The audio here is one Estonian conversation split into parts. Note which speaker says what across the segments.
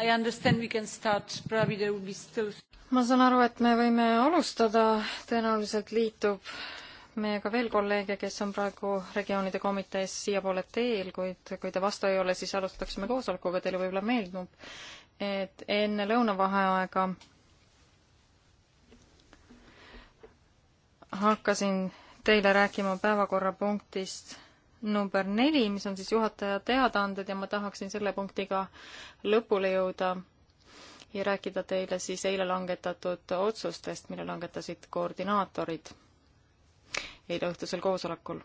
Speaker 1: Still... ma saan aru, et me võime alustada, tõenäoliselt liitub meiega veel kolleege, kes on praegu regioonide komitees siiapoole teel, kuid kui te vastu ei ole, siis alustaksime koosolekuga, teile võib-olla meeldib, et enne lõunavaheaega hakkasin teile rääkima päevakorrapunktist number neli, mis on siis juhataja teadaanded ja ma tahaksin selle punktiga lõpule jõuda ja rääkida teile siis eile langetatud otsustest, mille langetasid koordinaatorid eile õhtusel koosolekul.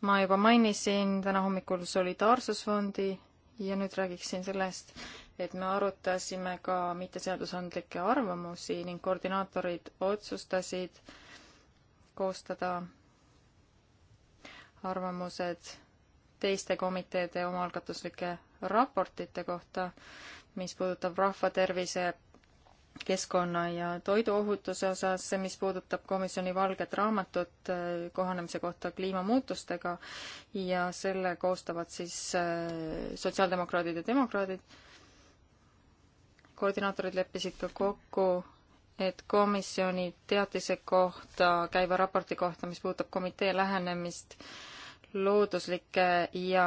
Speaker 1: ma juba mainisin täna hommikul Solidaarsusfondi ja nüüd räägiksin sellest, et me arutasime ka mitteseadusandlikke arvamusi ning koordinaatorid otsustasid koostada arvamused teiste komiteede omaalgatuslike raportite kohta, mis puudutab rahvatervise, keskkonna ja toiduohutuse osas, mis puudutab komisjoni valget raamatut äh, kohanemise kohta kliimamuutustega ja selle koostavad siis äh, sotsiaaldemokraadid ja demokraadid. koordinaatorid leppisid ka kokku et komisjoni teatise kohta, käiva raporti kohta, mis puudutab komitee lähenemist äh, looduslike ja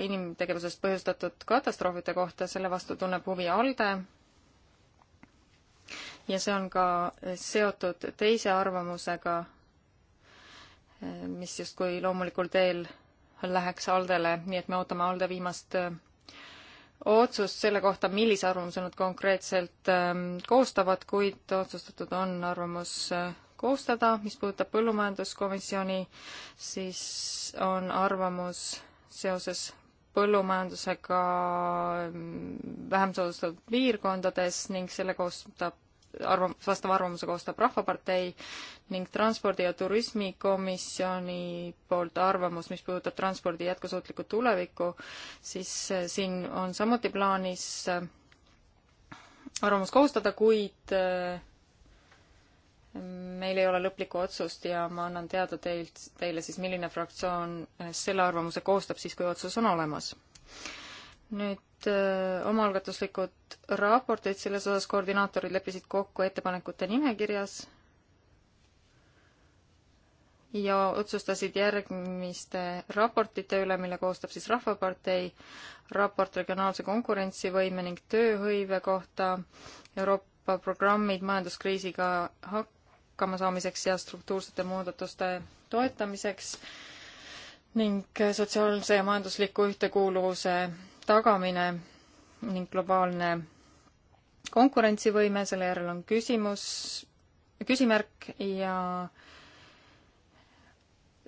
Speaker 1: inimtegevusest põhjustatud katastroofide kohta, selle vastu tunneb huvi ALDE. ja see on ka seotud teise arvamusega, mis justkui loomulikul teel läheks ALDE-le, nii et me ootame ALDE viimast äh, otsust selle kohta, millise arvamuse nad konkreetselt ähm, koostavad, kuid otsustatud on arvamus äh, koostada, mis puudutab põllumajanduskomisjoni, siis on arvamus seoses põllumajandusega mm, vähem soodustatud piirkondades ning selle koostab arvam-, vastava arvamuse koostab Rahvapartei ning Transpordi- ja Turismikomisjoni poolt arvamus, mis puudutab transpordi jätkusuutlikku tulevikku, siis äh, siin on samuti plaanis äh, arvamus koostada, kuid äh, meil ei ole lõplikku otsust ja ma annan teada teilt, teile siis, milline fraktsioon eh, selle arvamuse koostab siis, kui otsus on olemas. nüüd eh, omaalgatuslikud raportid, selles osas koordinaatorid leppisid kokku ettepanekute nimekirjas ja otsustasid järgmiste raportite üle, mille koostab siis Rahvapartei raport regionaalse konkurentsivõime ning tööhõive kohta Euroopa programmid majanduskriisiga hak-, hakkamasaamiseks ja struktuursete muudatuste toetamiseks ning sotsiaalse ja majandusliku ühtekuuluvuse tagamine ning globaalne konkurentsivõime, selle järel on küsimus, küsimärk ja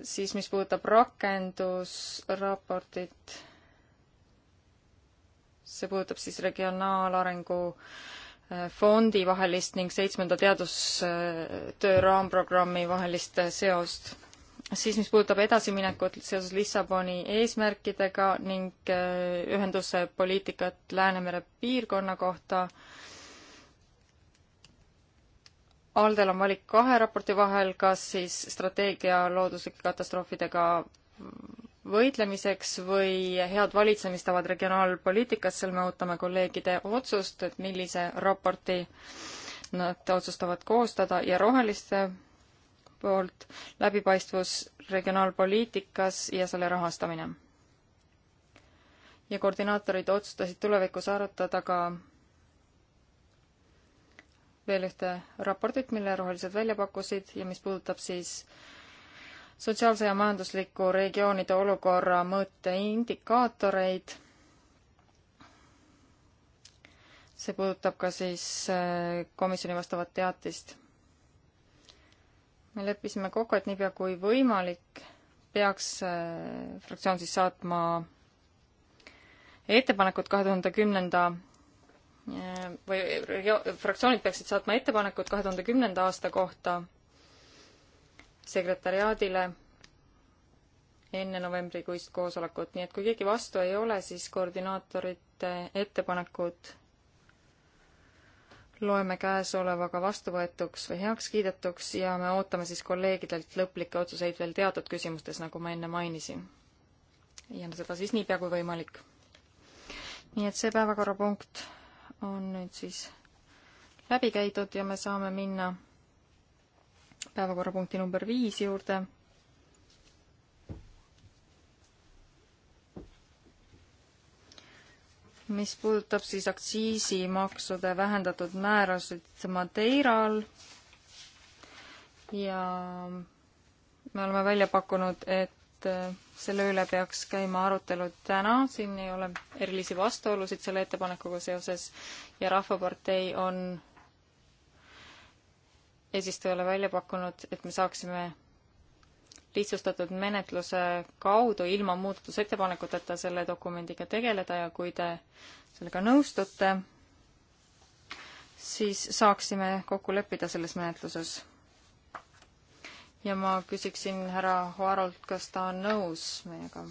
Speaker 1: siis, mis puudutab rakendusraportit, see puudutab siis regionaalarengu äh, fondi vahelist ning seitsmenda teadustöö raamprogrammi vahelist seost. siis, mis puudutab edasiminekut seoses Lissaboni eesmärkidega ning äh, ühenduse poliitikat Läänemere piirkonna kohta, Aldel on valik kahe raporti vahel, kas siis strateegia looduslike katastroofidega võitlemiseks või head valitsemistavad regionaalpoliitikas, seal me ootame kolleegide otsust, et millise raporti nad otsustavad koostada ja roheliste poolt läbipaistvus regionaalpoliitikas ja selle rahastamine. ja koordinaatorid otsustasid tulevikus arutada ka veel ühte raportit, mille rohelised välja pakkusid ja mis puudutab siis sotsiaalse ja majandusliku regioonide olukorra mõõte indikaatoreid. see puudutab ka siis äh, komisjoni vastavat teatist. me leppisime kokku, et niipea kui võimalik, peaks äh, fraktsioon siis saatma ettepanekud kahe tuhande kümnenda äh, või regio-, fraktsioonid peaksid saatma ettepanekud kahe tuhande kümnenda aasta kohta sekretariaadile enne novembrikuist koosolekut, nii et kui keegi vastu ei ole, siis koordinaatorite ettepanekud loeme käesolevaga vastuvõetuks või heaks kiidetuks ja me ootame siis kolleegidelt lõplikke otsuseid veel teatud küsimustes, nagu ma enne mainisin. ja seda siis niipea kui võimalik. nii et see päevakorrapunkt on nüüd siis läbi käidud ja me saame minna päevakorrapunkti number viis juurde. mis puudutab siis aktsiisimaksude vähendatud määrasid Madeiral ja me oleme välja pakkunud, et äh, selle üle peaks käima arutelu täna, siin ei ole erilisi vastuolusid selle ettepanekuga seoses ja Rahvapartei on eesistujale välja pakkunud, et me saaksime lihtsustatud menetluse kaudu ilma muudatusettepanekuteta selle dokumendiga tegeleda ja kui te sellega nõustute, siis saaksime kokku leppida selles menetluses. ja ma küsiksin härra Hoarolt, kas ta on nõus meiega?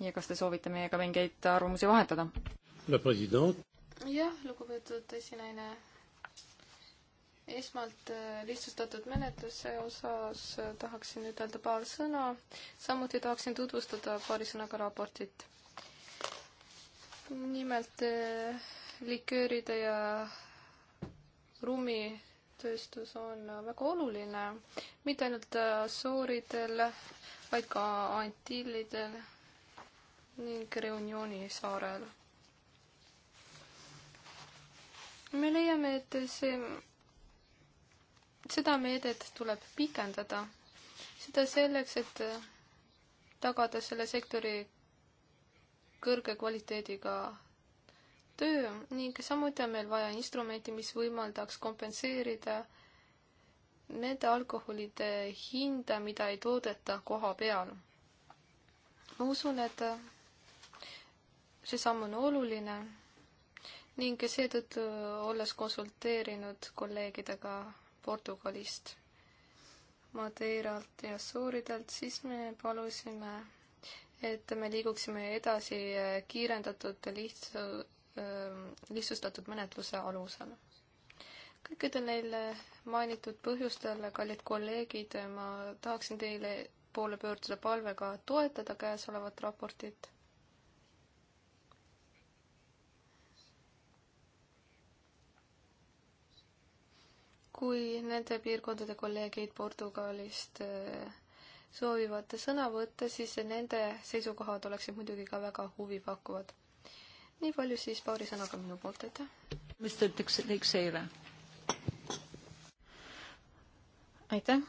Speaker 1: ja kas te soovite meiega mingeid arvamusi vahetada?
Speaker 2: jah, lugupeetud esinaine esmalt äh, lihtsustatud menetluse osas äh, tahaksin ütelda paar sõna, samuti tahaksin tutvustada paari sõnaga raportit. nimelt äh, likööride ja ruumitööstus on väga oluline, mitte ainult Assuuridel, vaid ka Antillidel ning Reunioni saarel. me leiame, et see seda meedet tuleb pikendada, seda selleks, et tagada selle sektori kõrge kvaliteediga töö ning samuti on meil vaja instrumenti, mis võimaldaks kompenseerida nende alkoholide hinda, mida ei toodeta koha peal. ma usun, et see samm on oluline ning seetõttu, olles konsulteerinud kolleegidega Portugalist, Madeiralt ja Suuridelt, siis me palusime, et me liiguksime edasi äh, kiirendatud lihtsa, äh, lihtsustatud menetluse alusel. kõikidel neil äh, mainitud põhjustel, kallid kolleegid, ma tahaksin teile poole pöörduda palvega toetada käesolevat raportit kui nende piirkondade kolleegid Portugalist äh, soovivad sõna võtta, siis nende seisukohad oleksid muidugi ka väga huvipakkuvad. nii palju siis paari sõnaga minu poolt, aitäh. mis te ütleks, võiks seire? aitäh.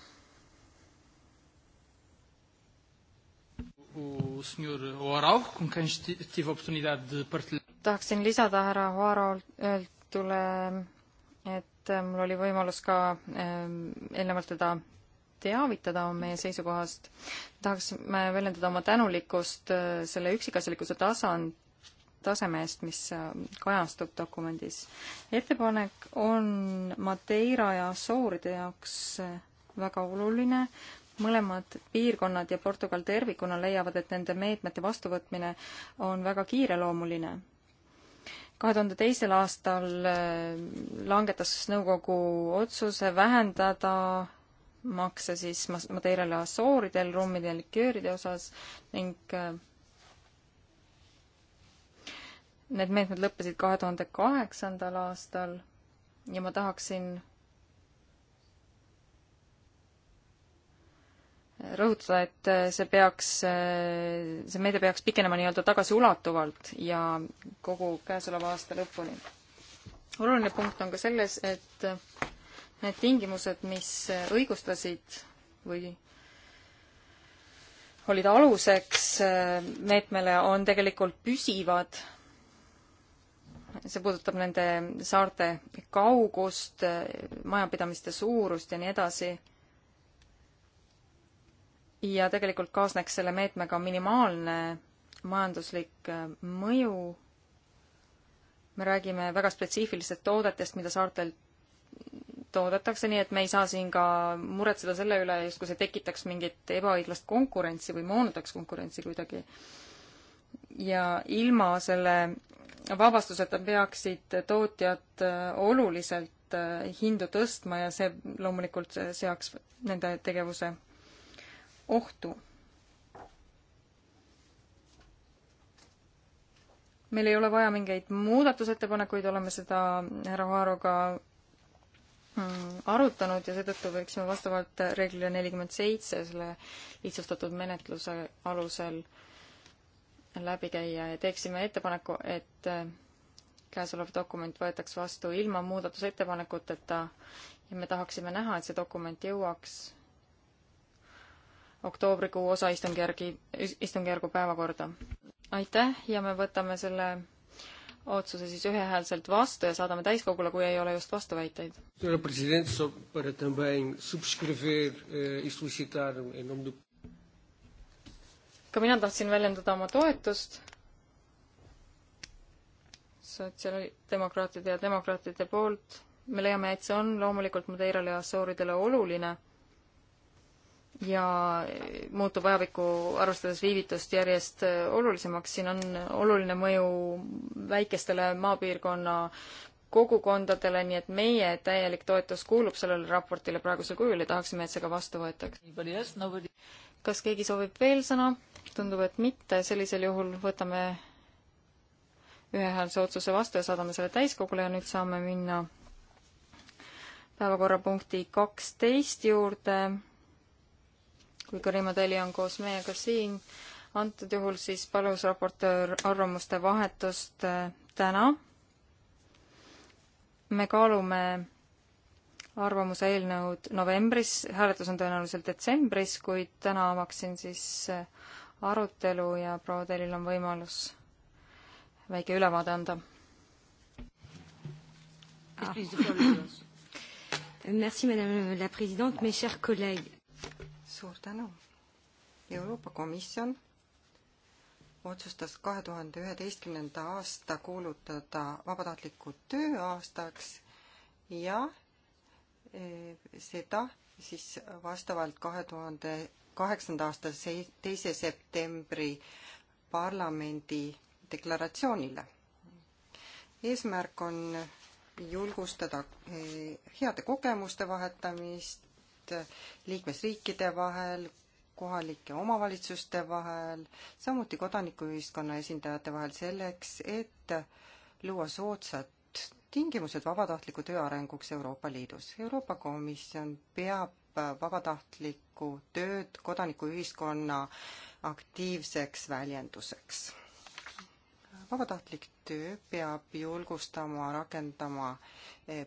Speaker 1: tahaksin lisada härra Oaro öeldule, äh, et et äh, mul oli võimalus ka ähm, eelnevalt teda teavitada meie seisukohast. tahaksime väljendada oma tänulikkust äh, selle üksikasjalikkuse tasand, taseme eest, mis äh, kajastub dokumendis. ettepanek on Madeira ja Sooride jaoks väga oluline, mõlemad piirkonnad ja Portugal tervikuna leiavad, et nende meetmete vastuvõtmine on väga kiireloomuline kahe tuhande teisel aastal äh, langetas nõukogu otsuse vähendada makse siis Madeirale Asooridel, rummide ja likööride osas ning äh, need meetmed lõppesid kahe tuhande kaheksandal aastal ja ma tahaksin rõhutada, et äh, see peaks, äh, see meede peaks pikenema nii-öelda tagasiulatuvalt ja kogu käesoleva aasta lõpuni. oluline punkt on ka selles, et äh, need tingimused, mis õigustasid või olid aluseks meetmele, on tegelikult püsivad. see puudutab nende saarte kaugust, majapidamiste suurust ja nii edasi ja tegelikult kaasneks selle meetmega minimaalne majanduslik äh, mõju. me räägime väga spetsiifilistest toodetest, mida saartel toodetakse, nii et me ei saa siin ka muretseda selle üle, justkui see tekitaks mingit ebaõiglast konkurentsi või moonutaks konkurentsi kuidagi. ja ilma selle vabastuseta peaksid tootjad äh, oluliselt äh, hindu tõstma ja see loomulikult seaks nende tegevuse ohtu. meil ei ole vaja mingeid muudatusettepanekuid, oleme seda härra Vaaroga mm, arutanud ja seetõttu võiksime vastavalt reeglile nelikümmend seitse selle lihtsustatud menetluse alusel läbi käia ja teeksime ettepaneku, et äh, käesolev dokument võetaks vastu ilma muudatusettepanekuteta ja me tahaksime näha, et see dokument jõuaks oktoobrikuu osaistungjärgi, istungjärgu päevakorda. aitäh ja me võtame selle otsuse siis ühehäälselt vastu ja saadame täiskogule, kui ei ole just vastuväiteid.
Speaker 3: Eh, e
Speaker 1: ka mina tahtsin väljendada oma toetust sotsiaaldemokraatide ja demokraatide poolt. me leiame, et see on loomulikult Madeirale ja Assuuridele oluline ja muutub ajavikku arvestades viivitust järjest olulisemaks, siin on oluline mõju väikestele maapiirkonna kogukondadele, nii et meie täielik toetus kuulub sellele raportile praegusel kujul ja tahaksime, et see ka vastu võetaks. kas keegi soovib veel sõna? tundub, et mitte, sellisel juhul võtame ühehäälse otsuse vastu ja saadame selle täiskogule ja nüüd saame minna päevakorrapunkti kaksteist juurde kui Karima Tali on koos meiega siin. antud juhul siis palus raportöör arvamuste vahetust äh, täna. me kaalume arvamuse eelnõud novembris, hääletus on tõenäoliselt detsembris, kuid täna avaksin siis äh, arutelu ja proua Telil on võimalus väike ülevaade anda
Speaker 2: ah.. Merci Madame la Présidente, mes chers collègues
Speaker 3: suur tänu. Euroopa Komisjon otsustas kahe tuhande üheteistkümnenda aasta kuulutada vabatahtliku töö aastaks ja eh, seda siis vastavalt kahe tuhande kaheksanda aasta teise septembri parlamendi deklaratsioonile. eesmärk on julgustada eh, heade kogemuste vahetamist suhted liikmesriikide vahel, kohalike omavalitsuste vahel, samuti kodanikuühiskonna esindajate vahel selleks, et luua soodsad tingimused vabatahtliku töö arenguks Euroopa Liidus. Euroopa Komisjon peab vabatahtlikku tööd kodanikuühiskonna aktiivseks väljenduseks. vabatahtlik töö peab julgustama, rakendama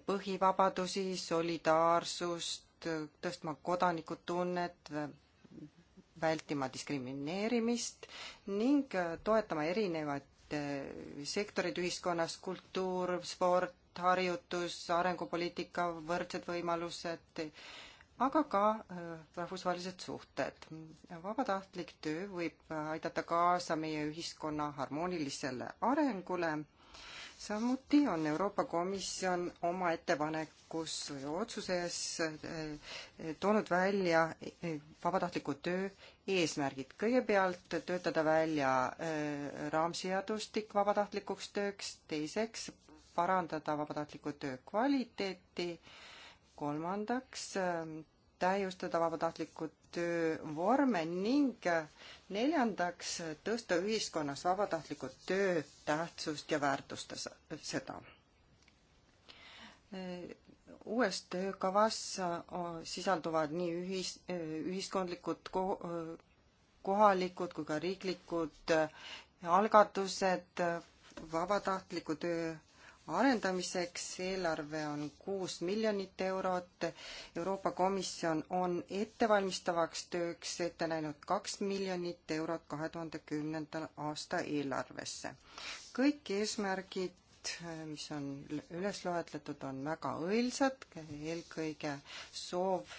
Speaker 3: põhivabadusi, solidaarsust, Äh, tõstma kodanikutunnet, vältima diskrimineerimist ning äh, toetama erinevaid äh, sektoreid ühiskonnas, kultuur, sport, haridus, arengupoliitika, võrdsed võimalused, aga ka rahvusvahelised suhted. vabatahtlik töö võib aidata kaasa meie ühiskonna harmoonilisele arengule samuti on Euroopa Komisjon oma ettepanekus või otsuses eh, toonud välja eh, vabatahtliku töö eesmärgid. kõigepealt töötada välja eh, raamseadustik vabatahtlikuks tööks, teiseks parandada vabatahtliku töö kvaliteeti, kolmandaks täiustada vabatahtliku töö vorme ning neljandaks tõsta ühiskonnas vabatahtliku töö tähtsust ja väärtusta seda. uues töökavas äh, sisalduvad nii ühis, äh, ühiskondlikud ko-, äh, kohalikud kui ka riiklikud algatused vabatahtliku töö arendamiseks, eelarve on kuus miljonit eurot, Euroopa Komisjon on ettevalmistavaks tööks ette näinud kaks miljonit eurot kahe tuhande kümnendal aasta eelarvesse. kõik eesmärgid mis on üles loetletud, on väga õilsad, eelkõige soov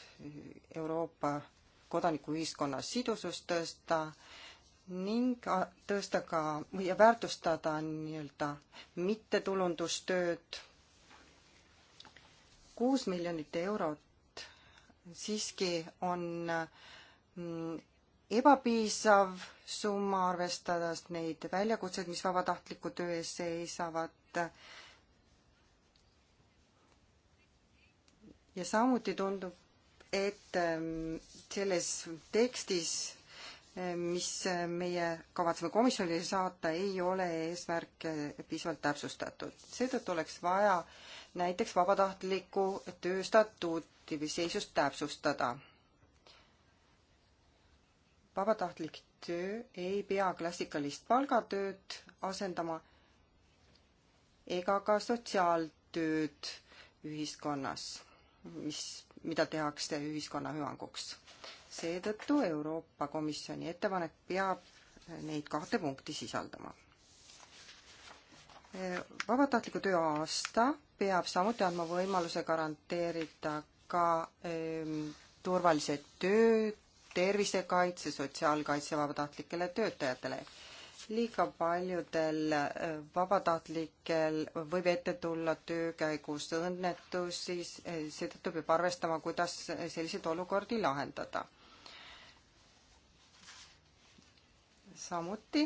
Speaker 3: Euroopa kodanikuühiskonna sidusust tõsta, ning tõsta ka ja väärtustada nii-öelda mittetulundustööd. kuus miljonit eurot siiski on mm, ebapiisav summa, arvestades neid väljakutseid, mis vabatahtliku töö ees seisavad. ja samuti tundub, et mm, selles tekstis mis meie kavatseme komisjonile saata, ei ole eesmärk piisavalt täpsustatud. seetõttu oleks vaja näiteks vabatahtliku töö statuuti või seisust täpsustada. vabatahtlik töö ei pea klassikalist palgatööd asendama ega ka sotsiaaltööd ühiskonnas, mis, mida tehakse ühiskonna hüvanguks seetõttu Euroopa Komisjoni ettepanek peab neid kahte punkti sisaldama. vabatahtliku töö aasta peab samuti andma võimaluse garanteerida ka ähm, turvalise töö, tervisekaitse, sotsiaalkaitse vabatahtlikele töötajatele. liiga paljudel ehm, vabatahtlikel võib ette tulla töö käigus õnnetusi, ehm, seetõttu peab arvestama, kuidas selliseid olukordi lahendada samuti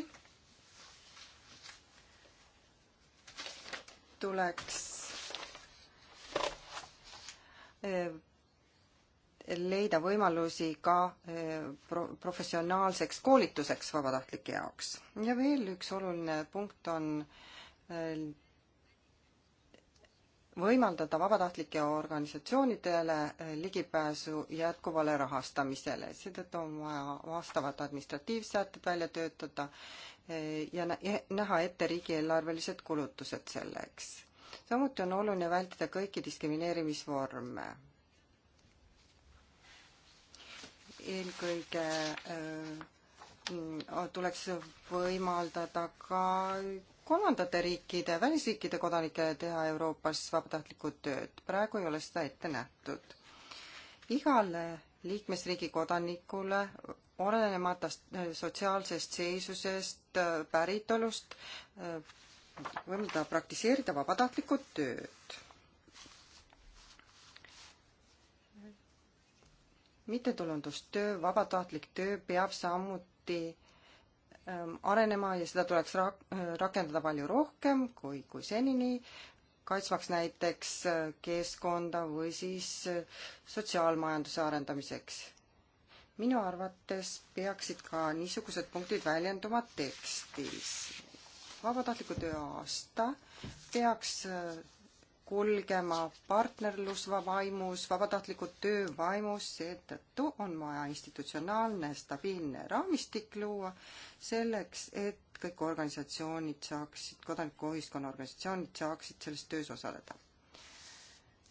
Speaker 3: tuleks eh, leida võimalusi ka eh, pro-, professionaalseks koolituseks vabatahtlike jaoks. ja veel üks oluline punkt on eh, võimaldada vabatahtlike organisatsioonidele eh, ligipääsu jätkuvale rahastamisele, seetõttu on vaja vastavad administratiivsätted välja töötada eh, ja näha ette riigieelarvelised kulutused selleks. samuti on oluline vältida kõiki diskrimineerimisvorme. eelkõige eh, mm, tuleks võimaldada ka kolmandate riikide, välisriikide kodanikele teha Euroopas vabatahtlikku tööd. praegu ei ole seda ette nähtud. igale liikmesriigi kodanikule olenemata sotsiaalsest seisusest, päritolust, võimaldada praktiseerida vabatahtlikku tööd. mittetulundustöö, vabatahtlik töö peab samuti Ähm, arenema ja seda tuleks rak-, äh, rakendada palju rohkem kui, kui senini, kaitsmaks näiteks äh, keskkonda või siis äh, sotsiaalmajanduse arendamiseks. minu arvates peaksid ka niisugused punktid väljenduma tekstis. vabatahtliku töö aasta peaks kulgema partnerlusva vaimus, vabatahtliku töö vaimus, seetõttu on vaja institutsionaalne stabiilne raamistik luua selleks, et kõik organisatsioonid saaksid, kodanikuühiskonna organisatsioonid saaksid selles töös osaleda.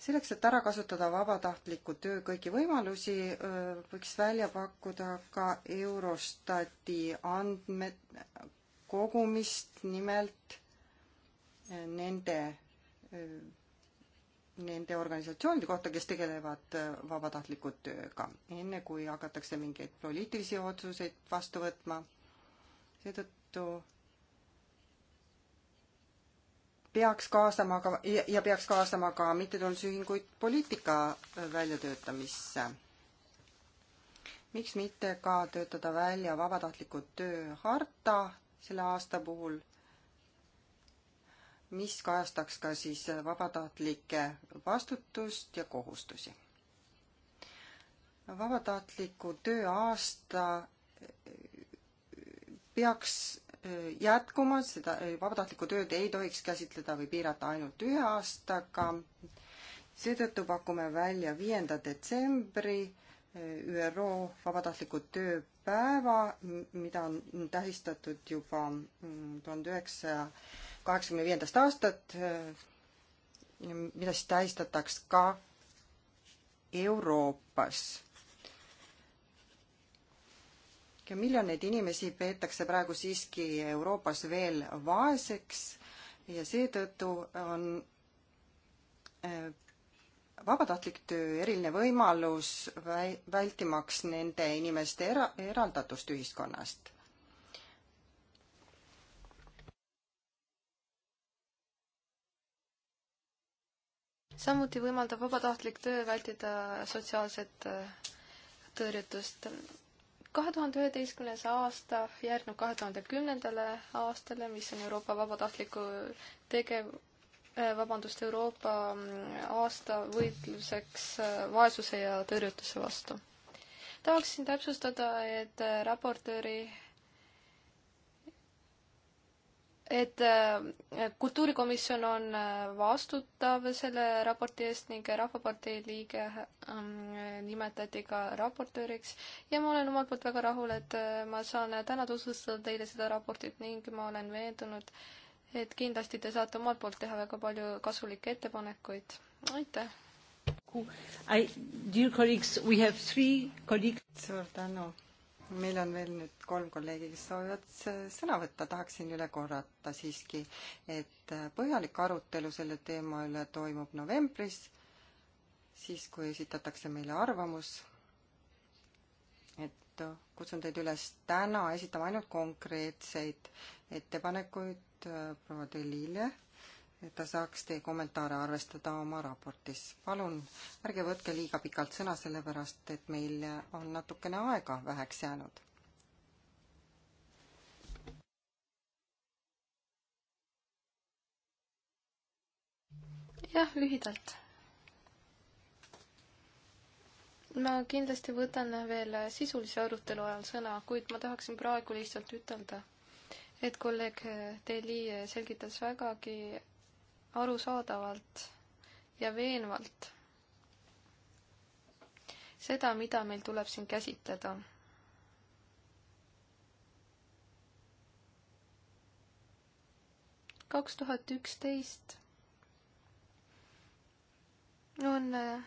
Speaker 3: selleks, et ära kasutada vabatahtliku töö kõiki võimalusi, võiks välja pakkuda ka Eurostati andmed, kogumist nimelt nende nende organisatsioonide kohta, kes tegelevad äh, vabatahtliku tööga, enne kui hakatakse mingeid poliitilisi otsuseid vastu võtma. seetõttu peaks kaasama ka ja, ja peaks kaasama ka mittetulundusühinguid poliitika äh, väljatöötamisse. miks mitte ka töötada välja vabatahtliku töö harta selle aasta puhul mis kajastaks ka siis vabatahtlike vastutust ja kohustusi. vabatahtliku tööaasta peaks jätkuma, seda vabatahtlikku tööd ei tohiks käsitleda või piirata ainult ühe aastaga. seetõttu pakume välja viienda detsembri ÜRO vabatahtliku tööpäeva, mida on tähistatud juba mm, tuhande üheksasaja kaheksakümne viiendast aastat, eh, mida siis tähistataks ka Euroopas. ja miljoneid inimesi peetakse praegu siiski Euroopas veel vaeseks ja seetõttu on eh, vabatahtlik töö eriline võimalus väi-, vältimaks nende inimeste era-, eraldatust ühiskonnast
Speaker 2: samuti võimaldab vabatahtlik töö vältida sotsiaalset äh, tõrjutust. kahe tuhande üheteistkümnes aasta järgneb kahe tuhande kümnendale aastale, mis on Euroopa vabatahtliku tegev-, äh, vabandust, Euroopa mm, aasta võitluseks äh, vaesuse ja tõrjutuse vastu. tahaksin täpsustada, et raportööri Äh, et kultuurikomisjon on äh, vastutav selle raporti eest ning Rahvapartei liige ähm, nimetati ka raportööriks ja ma olen omalt poolt väga rahul, et äh, ma saan täna tutvustada teile seda raportit ning ma olen veendunud, et kindlasti te saate omalt poolt teha väga palju kasulikke ettepanekuid. aitäh!
Speaker 3: suur tänu! meil on veel nüüd kolm kolleegi, kes soovivad sõna võtta, tahaksin üle korrata siiski, et äh, põhjalik arutelu selle teema üle toimub novembris, siis kui esitatakse meile arvamus. et äh, kutsun teid üles täna esitama ainult konkreetseid ettepanekuid äh, proua Delile et ta saaks teie kommentaare arvestada oma raportis. palun ärge võtke liiga pikalt sõna, sellepärast et meil on natukene aega väheks jäänud.
Speaker 2: jah, lühidalt. ma kindlasti võtan veel sisulise arutelu ajal sõna, kuid ma tahaksin praegu lihtsalt ütelda, et kolleeg Deli selgitas vägagi arusaadavalt ja veenvalt seda, mida meil tuleb siin käsitleda. kaks tuhat üksteist on äh,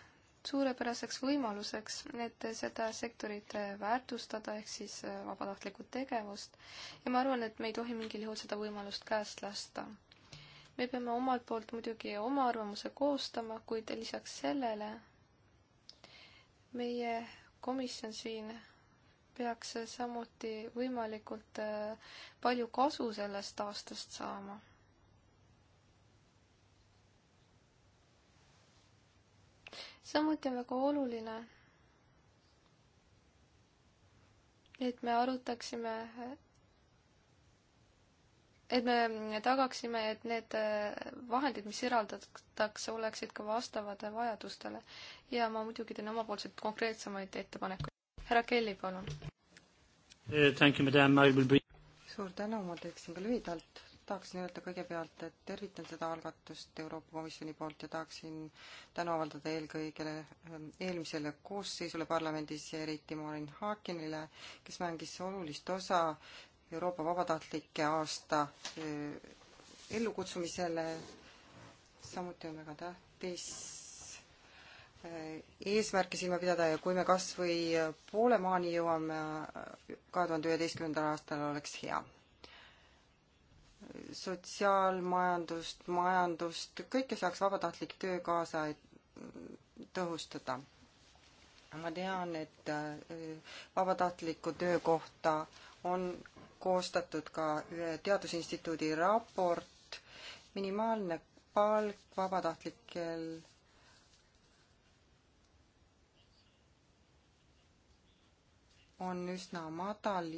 Speaker 2: suurepäraseks võimaluseks, et seda sektorit äh, väärtustada, ehk siis äh, vabatahtlikku tegevust. ja ma arvan, et me ei tohi mingil juhul seda võimalust käest lasta me peame omalt poolt muidugi oma arvamuse koostama, kuid lisaks sellele meie komisjon siin peaks samuti võimalikult äh, palju kasu sellest aastast saama samuti on väga oluline, et me arutaksime et me tagaksime, et need äh, vahendid, mis eraldatakse, oleksid ka vastavad vajadustele. ja ma muidugi teen omapoolseid
Speaker 3: konkreetsemaid ettepanekuid. härra Kelly, palun.
Speaker 1: Eh,
Speaker 3: suur tänu, ma teeksin ka lühidalt. tahaksin öelda kõigepealt, et tervitan seda algatust Euroopa Komisjoni poolt ja tahaksin tänu avaldada eelkõige ähm, eelmisele koosseisule parlamendis ja eriti Marin Haakinile, kes mängis olulist osa Euroopa vabatahtlike aasta ellukutsumisele. samuti on väga tähtis eesmärke silma pidada ja kui me kas või poole maani jõuame kahe tuhande üheteistkümnendal aastal, oleks hea. sotsiaalmajandust, majandust, kõike saaks vabatahtlik töö kaasa tõhustada. ma tean, et vabatahtlikku töökohta on koostatud ka Teadusinstituudi raport, minimaalne palk vabatahtlikel on üsna madal.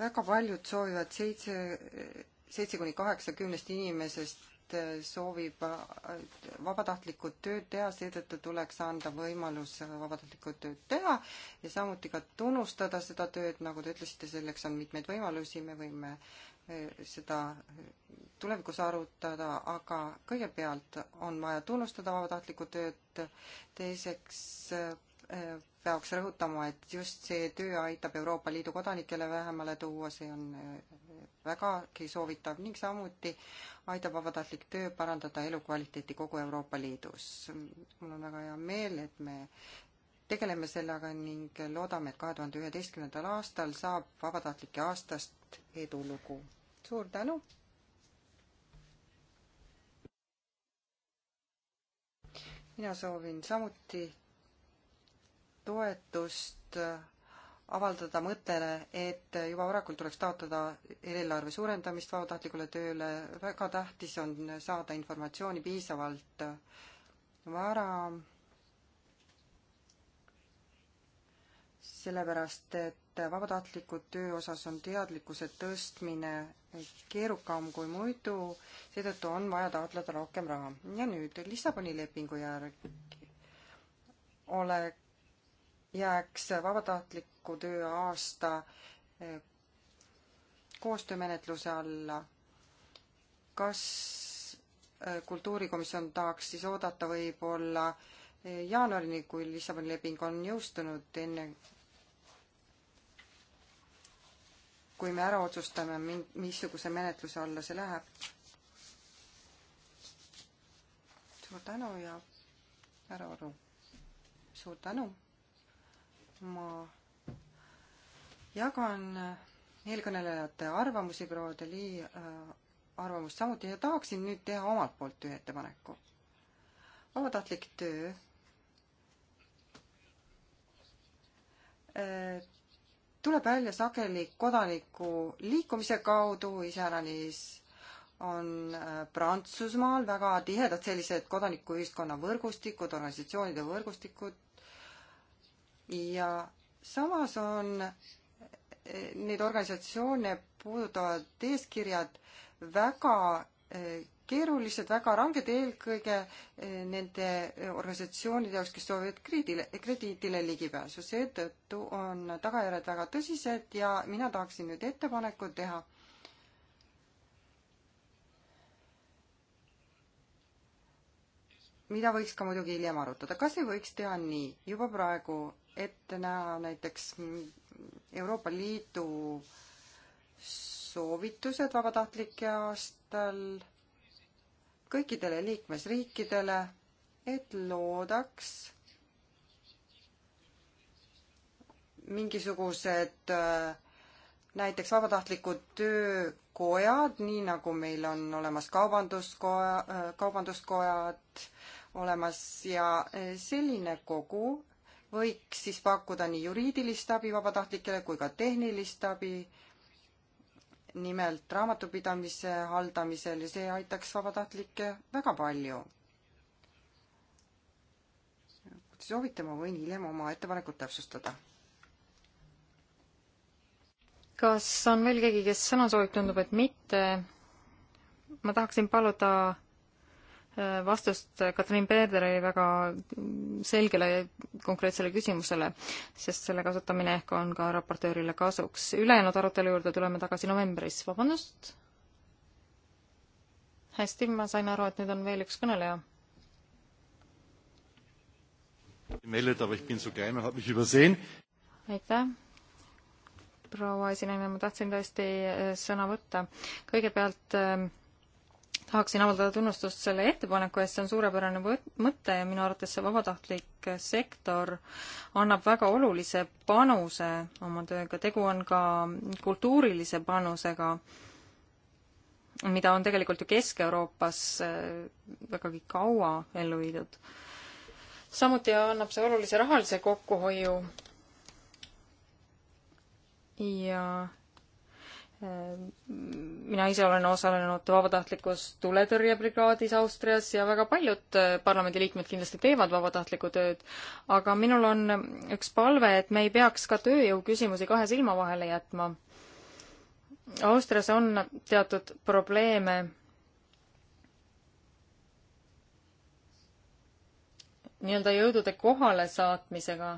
Speaker 3: väga paljud soovivad seitse, seitse kuni kaheksakümnest inimesest Äh, soovib äh, vabatahtlikud tööd teha, seetõttu tuleks anda võimalus äh, vabatahtlikud tööd teha ja samuti ka tunnustada seda tööd, nagu te ütlesite, selleks on mitmeid võimalusi, me võime seda tulevikus arutada, aga kõigepealt on vaja tunnustada vabatahtlikku tööd, teiseks peaks rõhutama, et just see töö aitab Euroopa Liidu kodanikele vähemale tuua, see on vägagi soovitav ning samuti aitab vabatahtlik töö parandada elukvaliteeti kogu Euroopa Liidus. mul on väga hea meel, et me tegeleme sellega ning loodame, et kahe tuhande üheteistkümnendal aastal saab vabatahtlike aastast edulugu. suur tänu! mina soovin samuti toetust avaldada mõttele, et juba varakult tuleks taotleda eelarve suurendamist vabatahtlikule tööle, väga tähtis on saada informatsiooni piisavalt vara, sellepärast et vabatahtliku töö osas on teadlikkuse tõstmine keerukam kui muidu, seetõttu on vaja taotleda rohkem raha. ja nüüd Lissaboni lepingu järgi oleks jääks vabatahtliku töö aasta eh, koostöömenetluse alla. kas eh, kultuurikomisjon tahaks siis oodata võib-olla eh, jaanuarini, kui Lissaboni leping on jõustunud, enne kui me ära otsustame, missuguse menetluse alla see läheb? suur tänu ja ära aru. suur tänu ma jagan eelkõnelejate arvamusi, proua Deli äh, arvamust samuti ja tahaksin nüüd teha omalt poolt ühe ettepaneku. vabatahtlik töö äh, tuleb välja sageli kodaniku liikumise kaudu, iseäranis on äh, Prantsusmaal väga tihedad sellised kodanikuühiskonna võrgustikud, organisatsioonide võrgustikud, ja samas on eh, neid organisatsioone puudutavad eeskirjad väga eh, keerulised, väga ranged, eelkõige eh, nende organisatsioonide jaoks, kes soovivad krediidile, krediidile ligipääsu. seetõttu on tagajärjed väga tõsised ja mina tahaksin nüüd ettepaneku teha. mida võiks ka muidugi hiljem arutada, kas ei võiks teha nii, juba praegu ette näha näiteks Euroopa Liidu soovitused vabatahtlike aastal kõikidele liikmesriikidele, et loodaks mingisugused äh, näiteks vabatahtlikud töökojad, nii nagu meil on olemas kaubanduskoja, äh, kaubanduskojad olemas ja äh, selline kogu võiks siis pakkuda nii juriidilist abi vabatahtlikele kui ka tehnilist abi, nimelt raamatupidamise haldamisel ja see aitaks vabatahtlikke väga palju. kui te soovite, ma võin hiljem oma ettepanekut täpsustada.
Speaker 1: kas on veel keegi, kes sõna soovib, tundub, et mitte. ma tahaksin paluda Äh, vastust Katrin Peerderi väga selgele konkreetsele küsimusele, sest selle kasutamine ehk on ka raportöörile kasuks. ülejäänud arutelu juurde tuleme tagasi novembris, vabandust. hästi, ma sain aru, et nüüd on veel üks kõneleja. aitäh proua esinaine, ma tahtsin tõesti äh, sõna võtta. kõigepealt äh, tahaksin avaldada tunnustust selle ettepaneku eest, see on suurepärane mõte ja minu arvates see vabatahtlik sektor annab väga olulise panuse oma tööga, tegu on ka kultuurilise panusega, mida on tegelikult ju Kesk-Euroopas äh, vägagi kaua ellu viidud. samuti annab see olulise rahalise kokkuhoiu ja mina ise olen osalenud vabatahtlikus tuletõrjebrigaadis Austrias ja väga paljud äh, parlamendiliikmed kindlasti teevad vabatahtlikku tööd, aga minul on üks palve, et me ei peaks ka tööjõuküsimusi kahe silma vahele jätma. Austrias on teatud probleeme nii-öelda jõudude kohalesaatmisega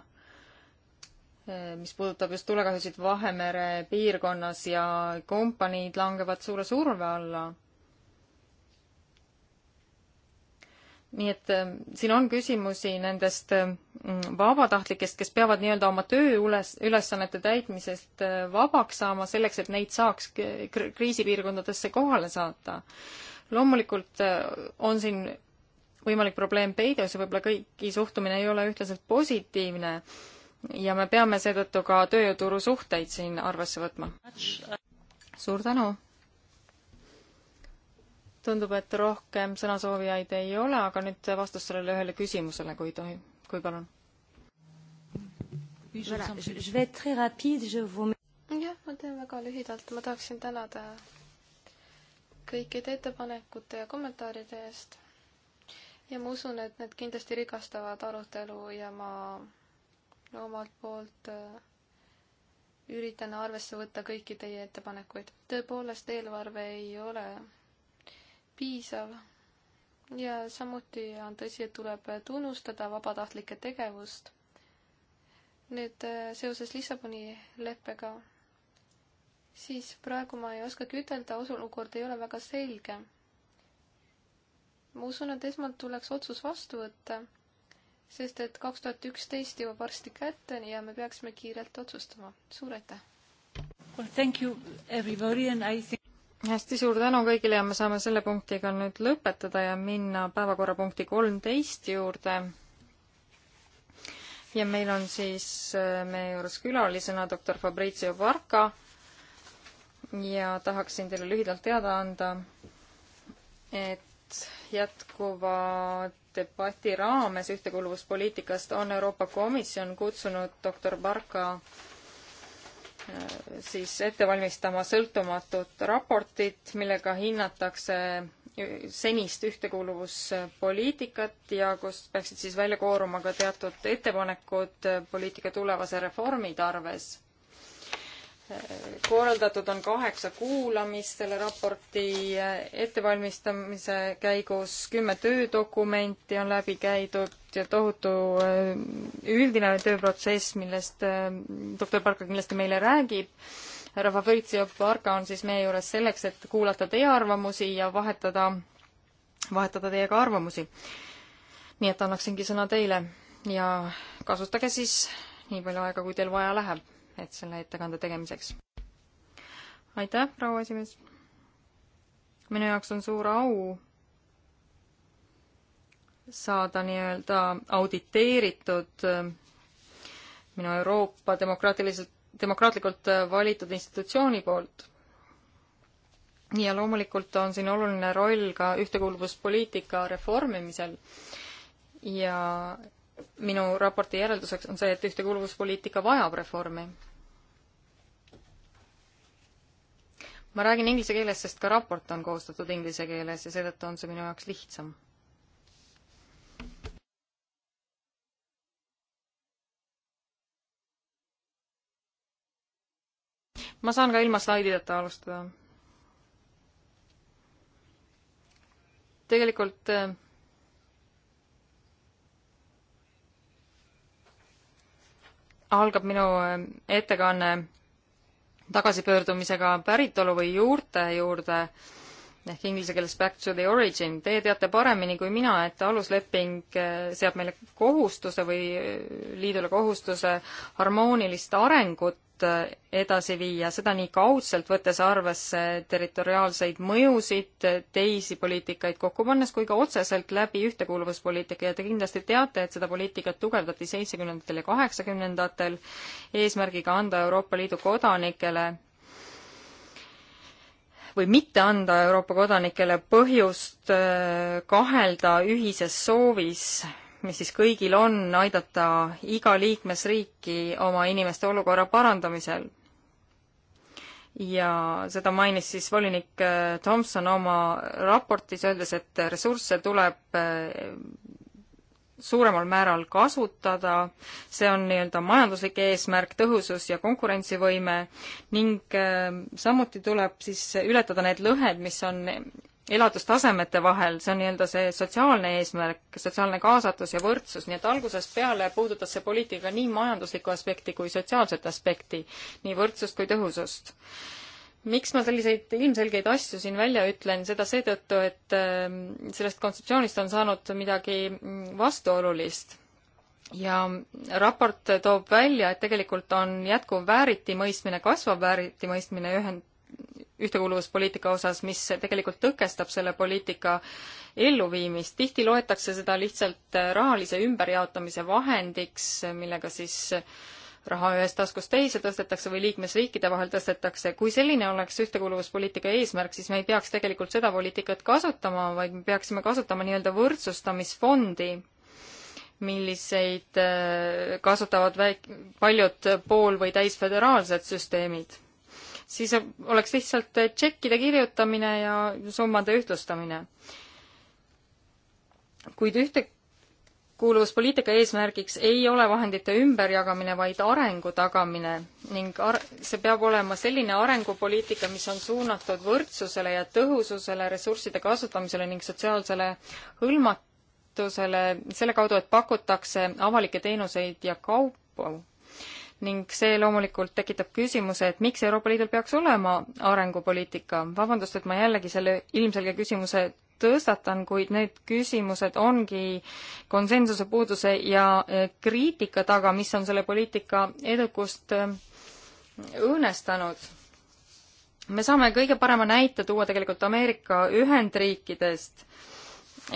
Speaker 1: Äh, mis puudutab just tulekahjusid Vahemere piirkonnas ja kompaniid langevad suure surve alla. nii et äh, siin on küsimusi nendest äh, mm, vabatahtlikest, kes peavad nii-öelda oma töö üles, ülesannete täitmisest vabaks saama selleks, et neid saaks kriisipiirkondadesse kohale saata. loomulikult on siin võimalik probleem peidus ja võib-olla kõigi suhtumine ei ole ühtlaselt positiivne ja me peame seetõttu ka tööjõuturu suhteid siin arvesse võtma. suur tänu! tundub, et rohkem sõnasoovijaid ei ole, aga nüüd vastus sellele ühele küsimusele, kui tohib, kui palun.
Speaker 2: jah, ma teen väga lühidalt, ma tahaksin tänada kõikide ettepanekute ja kommentaaride eest ja ma usun, et need kindlasti rikastavad arutelu ja ma omalt poolt äh, üritan arvesse võtta kõiki teie ettepanekuid. tõepoolest, eelarve ei ole piisav ja samuti on tõsi, et tuleb tunnustada vabatahtlike tegevust. nüüd äh, seoses Lissaboni leppega, siis praegu ma ei oskagi ütelda, olukord ei ole väga selge. ma usun, et esmalt tuleks otsus vastu võtta sest et kaks tuhat üksteist jõuab varsti kätte ja me peaksime kiirelt otsustama. suur aitäh!
Speaker 1: hästi suur tänu kõigile ja me saame selle punktiga nüüd lõpetada ja minna päevakorrapunkti kolmteist juurde. ja meil on siis äh, meie juures külalisena doktor Fabrizio Varka ja tahaksin teile lühidalt teada anda, et jätkuva debati raames ühtekuuluvuspoliitikast on Euroopa Komisjon kutsunud doktor Barka äh, siis ette valmistama sõltumatut raportit, millega hinnatakse senist ühtekuuluvuspoliitikat ja kust peaksid siis välja kooruma ka teatud ettepanekud poliitika tulevase reformi tarves korraldatud on kaheksa kuulamist selle raporti ettevalmistamise käigus, kümme töödokumenti on läbi käidud ja tohutu äh, üldine tööprotsess, millest äh, doktor Parka kindlasti meile räägib. härra Fabrizio Parka on siis meie juures selleks, et kuulata teie arvamusi ja vahetada, vahetada teiega arvamusi. nii et annaksingi sõna teile ja kasutage siis nii palju aega, kui teil vaja läheb et selle ettekande tegemiseks. aitäh, proua esimees. minu jaoks on suur au saada nii-öelda auditeeritud minu Euroopa demokraatiliselt, demokraatlikult valitud institutsiooni poolt. ja loomulikult on siin oluline roll ka ühtekuuluvuspoliitika reformimisel ja minu raporti järelduseks on see, et ühtekuuluvuspoliitika vajab reformi ma räägin inglise keeles, sest ka raport on koostatud inglise keeles ja seetõttu on see minu jaoks lihtsam. ma saan ka ilma slaidideta alustada. tegelikult äh, algab minu äh, ettekanne tagasipöördumisega päritolu või juurte juurde ehk inglise keeles back to the origin. Teie teate paremini kui mina, et alusleping eh, seab meile kohustuse või eh, liidule kohustuse harmoonilist arengut tegevust äh, edasi viia, seda nii kaudselt, võttes arvesse territoriaalseid mõjusid, teisi poliitikaid kokku pannes, kui ka otseselt läbi ühtekuuluvuspoliitika ja te kindlasti teate, et seda poliitikat tugevdati seitsmekümnendatel ja kaheksakümnendatel eesmärgiga anda Euroopa Liidu kodanikele või mitte anda Euroopa kodanikele põhjust äh, kahelda ühises soovis mis siis kõigil on aidata iga liikmesriiki oma inimeste olukorra parandamisel. ja seda mainis siis volinik äh, Tomson oma raportis, öeldes, et ressursse tuleb äh, suuremal määral kasutada, see on nii-öelda majanduslik eesmärk, tõhusus ja konkurentsivõime ning äh, samuti tuleb siis ületada need lõhed, mis on elatustasemete vahel, see on nii-öelda see sotsiaalne eesmärk, sotsiaalne kaasatus ja võrdsus, nii et algusest peale puudutas see poliitika nii majanduslikku aspekti kui sotsiaalset aspekti, nii võrdsust kui tõhusust. miks ma selliseid ilmselgeid asju siin välja ütlen, seda seetõttu, et ähm, sellest kontseptsioonist on saanud midagi mm, vastuolulist ja raport toob välja, et tegelikult on jätkuv vääritimõistmine, kasvav vääritimõistmine ühend, ühtekuuluvuspoliitika osas, mis tegelikult tõkestab selle poliitika elluviimist. tihti loetakse seda lihtsalt rahalise ümberjaotamise vahendiks, millega siis raha ühest taskust teise tõstetakse või liikmesriikide vahel tõstetakse. kui selline oleks ühtekuuluvuspoliitika eesmärk, siis me ei peaks tegelikult seda poliitikat kasutama, vaid me peaksime kasutama nii-öelda võrdsustamisfondi, milliseid äh, kasutavad väik-, paljud pool- või täisföderaalsed süsteemid siis oleks lihtsalt tšekkide kirjutamine ja summade ühtlustamine. kuid ühtekuuluvuspoliitika eesmärgiks ei ole vahendite ümberjagamine, vaid arengu tagamine ning ar-, see peab olema selline arengupoliitika, mis on suunatud võrdsusele ja tõhususele, ressursside kasutamisele ning sotsiaalsele hõlmatusele, selle kaudu, et pakutakse avalikke teenuseid ja kaupu ning see loomulikult tekitab küsimuse, et miks Euroopa Liidul peaks olema arengupoliitika. vabandust, et ma jällegi selle ilmselge küsimuse tõstatan, kuid need küsimused ongi konsensuse puuduse ja e, kriitika taga, mis on selle poliitika edukust e, õõnestanud. me saame kõige parema näite tuua tegelikult Ameerika Ühendriikidest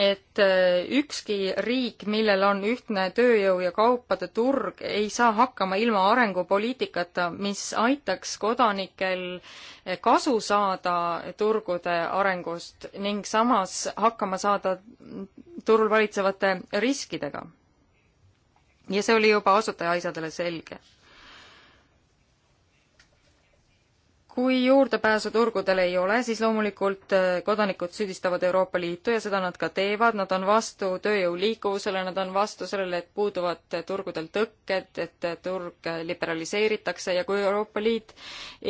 Speaker 1: et äh, ükski riik, millel on ühtne tööjõu ja kaupade turg, ei saa hakkama ilma arengupoliitikata, mis aitaks kodanikel äh, kasu saada turgude arengust ning samas hakkama saada turul valitsevate riskidega. ja see oli juba asutaja aisadele selge kui juurdepääsu turgudele ei ole, siis loomulikult äh, kodanikud süüdistavad Euroopa Liitu ja seda nad ka teevad, nad on vastu tööjõu liikuvusele, nad on vastu sellele, et puuduvad äh, turgudel tõkked, et äh, turg liberaliseeritakse ja kui Euroopa Liit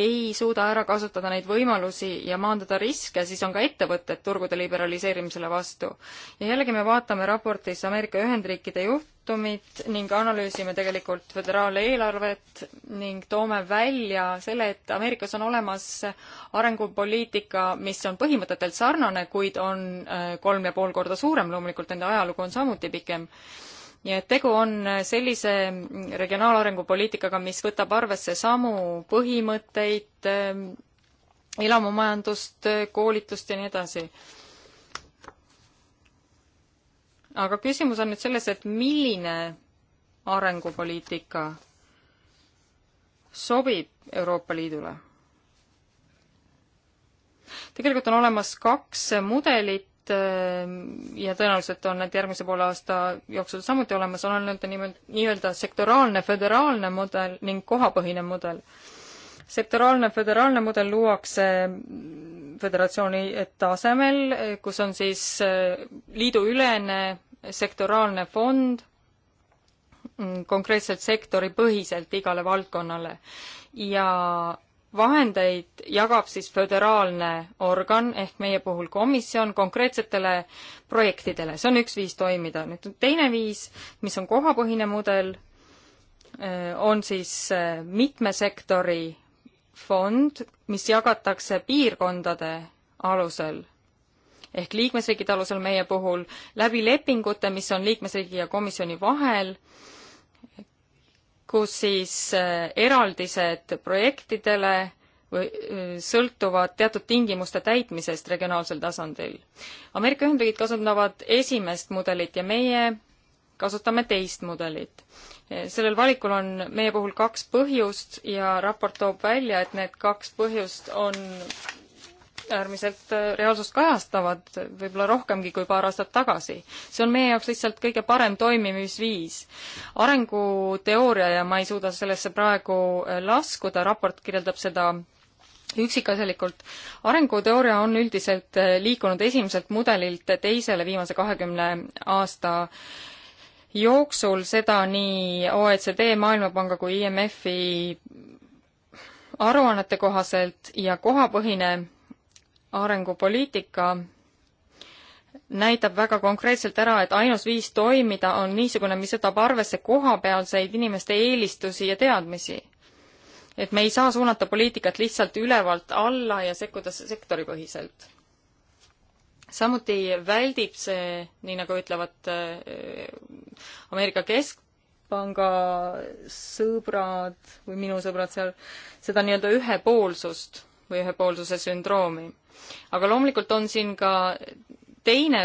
Speaker 1: ei suuda ära kasutada neid võimalusi ja maandada riske, siis on ka ettevõtted turgude liberaliseerimisele vastu. ja jällegi me vaatame raportis Ameerika Ühendriikide juht, juhtumit ning analüüsime tegelikult föderaaleelarvet ning toome välja selle, et Ameerikas on olemas arengupoliitika, mis on põhimõtetelt sarnane, kuid on äh, kolm ja pool korda suurem, loomulikult nende ajalugu on samuti pikem nii et tegu on äh, sellise regionaalarengu poliitikaga, mis võtab arvesse samu põhimõtteid, äh, elamumajandust, koolitust ja nii edasi aga küsimus on nüüd selles, et milline arengupoliitika sobib Euroopa Liidule? tegelikult on olemas kaks mudelit ehm, ja tõenäoliselt on need järgmise poole aasta jooksul samuti olemas, on nii-öelda nii-öelda sektoraalne föderaalne mudel ning kohapõhine mudel. sektoraalne föderaalne mudel luuakse föderatsiooni tasemel, kus on siis ehm, liiduülene sektoraalne fond konkreetselt sektoripõhiselt igale valdkonnale ja vahendeid jagab siis föderaalne organ ehk meie puhul komisjon konkreetsetele projektidele, see on üks viis toimida. nüüd teine viis, mis on kohapõhine mudel, on siis äh, mitme sektori fond, mis jagatakse piirkondade alusel ehk liikmesriikide alusel meie puhul, läbi lepingute, mis on liikmesriigi ja komisjoni vahel, kus siis äh, eraldised projektidele või äh, sõltuvad teatud tingimuste täitmisest regionaalsel tasandil. Ameerika Ühendriigid kasutavad esimest mudelit ja meie kasutame teist mudelit. Äh, sellel valikul on meie puhul kaks põhjust ja raport toob välja, et need kaks põhjust on äärmiselt äh, reaalsust kajastavad, võib-olla rohkemgi kui paar aastat tagasi. see on meie jaoks lihtsalt kõige parem toimimisviis. arenguteooria ja ma ei suuda sellesse praegu äh, laskuda, raport kirjeldab seda üksikasjalikult. arenguteooria on üldiselt äh, liikunud esimeselt mudelilt teisele viimase kahekümne aasta jooksul, seda nii OECD, Maailmapanga kui IMF-i aruannete kohaselt ja kohapõhine arengupoliitika näitab väga konkreetselt ära, et ainus viis toimida on niisugune, mis võtab arvesse kohapealseid inimeste eelistusi ja teadmisi. et me ei saa suunata poliitikat lihtsalt ülevalt alla ja sekkuda sektoripõhiselt. samuti väldib see, nii nagu ütlevad äh, Ameerika Keskpanga sõbrad või minu sõbrad seal, seda nii-öelda ühepoolsust või ühepoolsuse sündroomi aga loomulikult on siin ka teine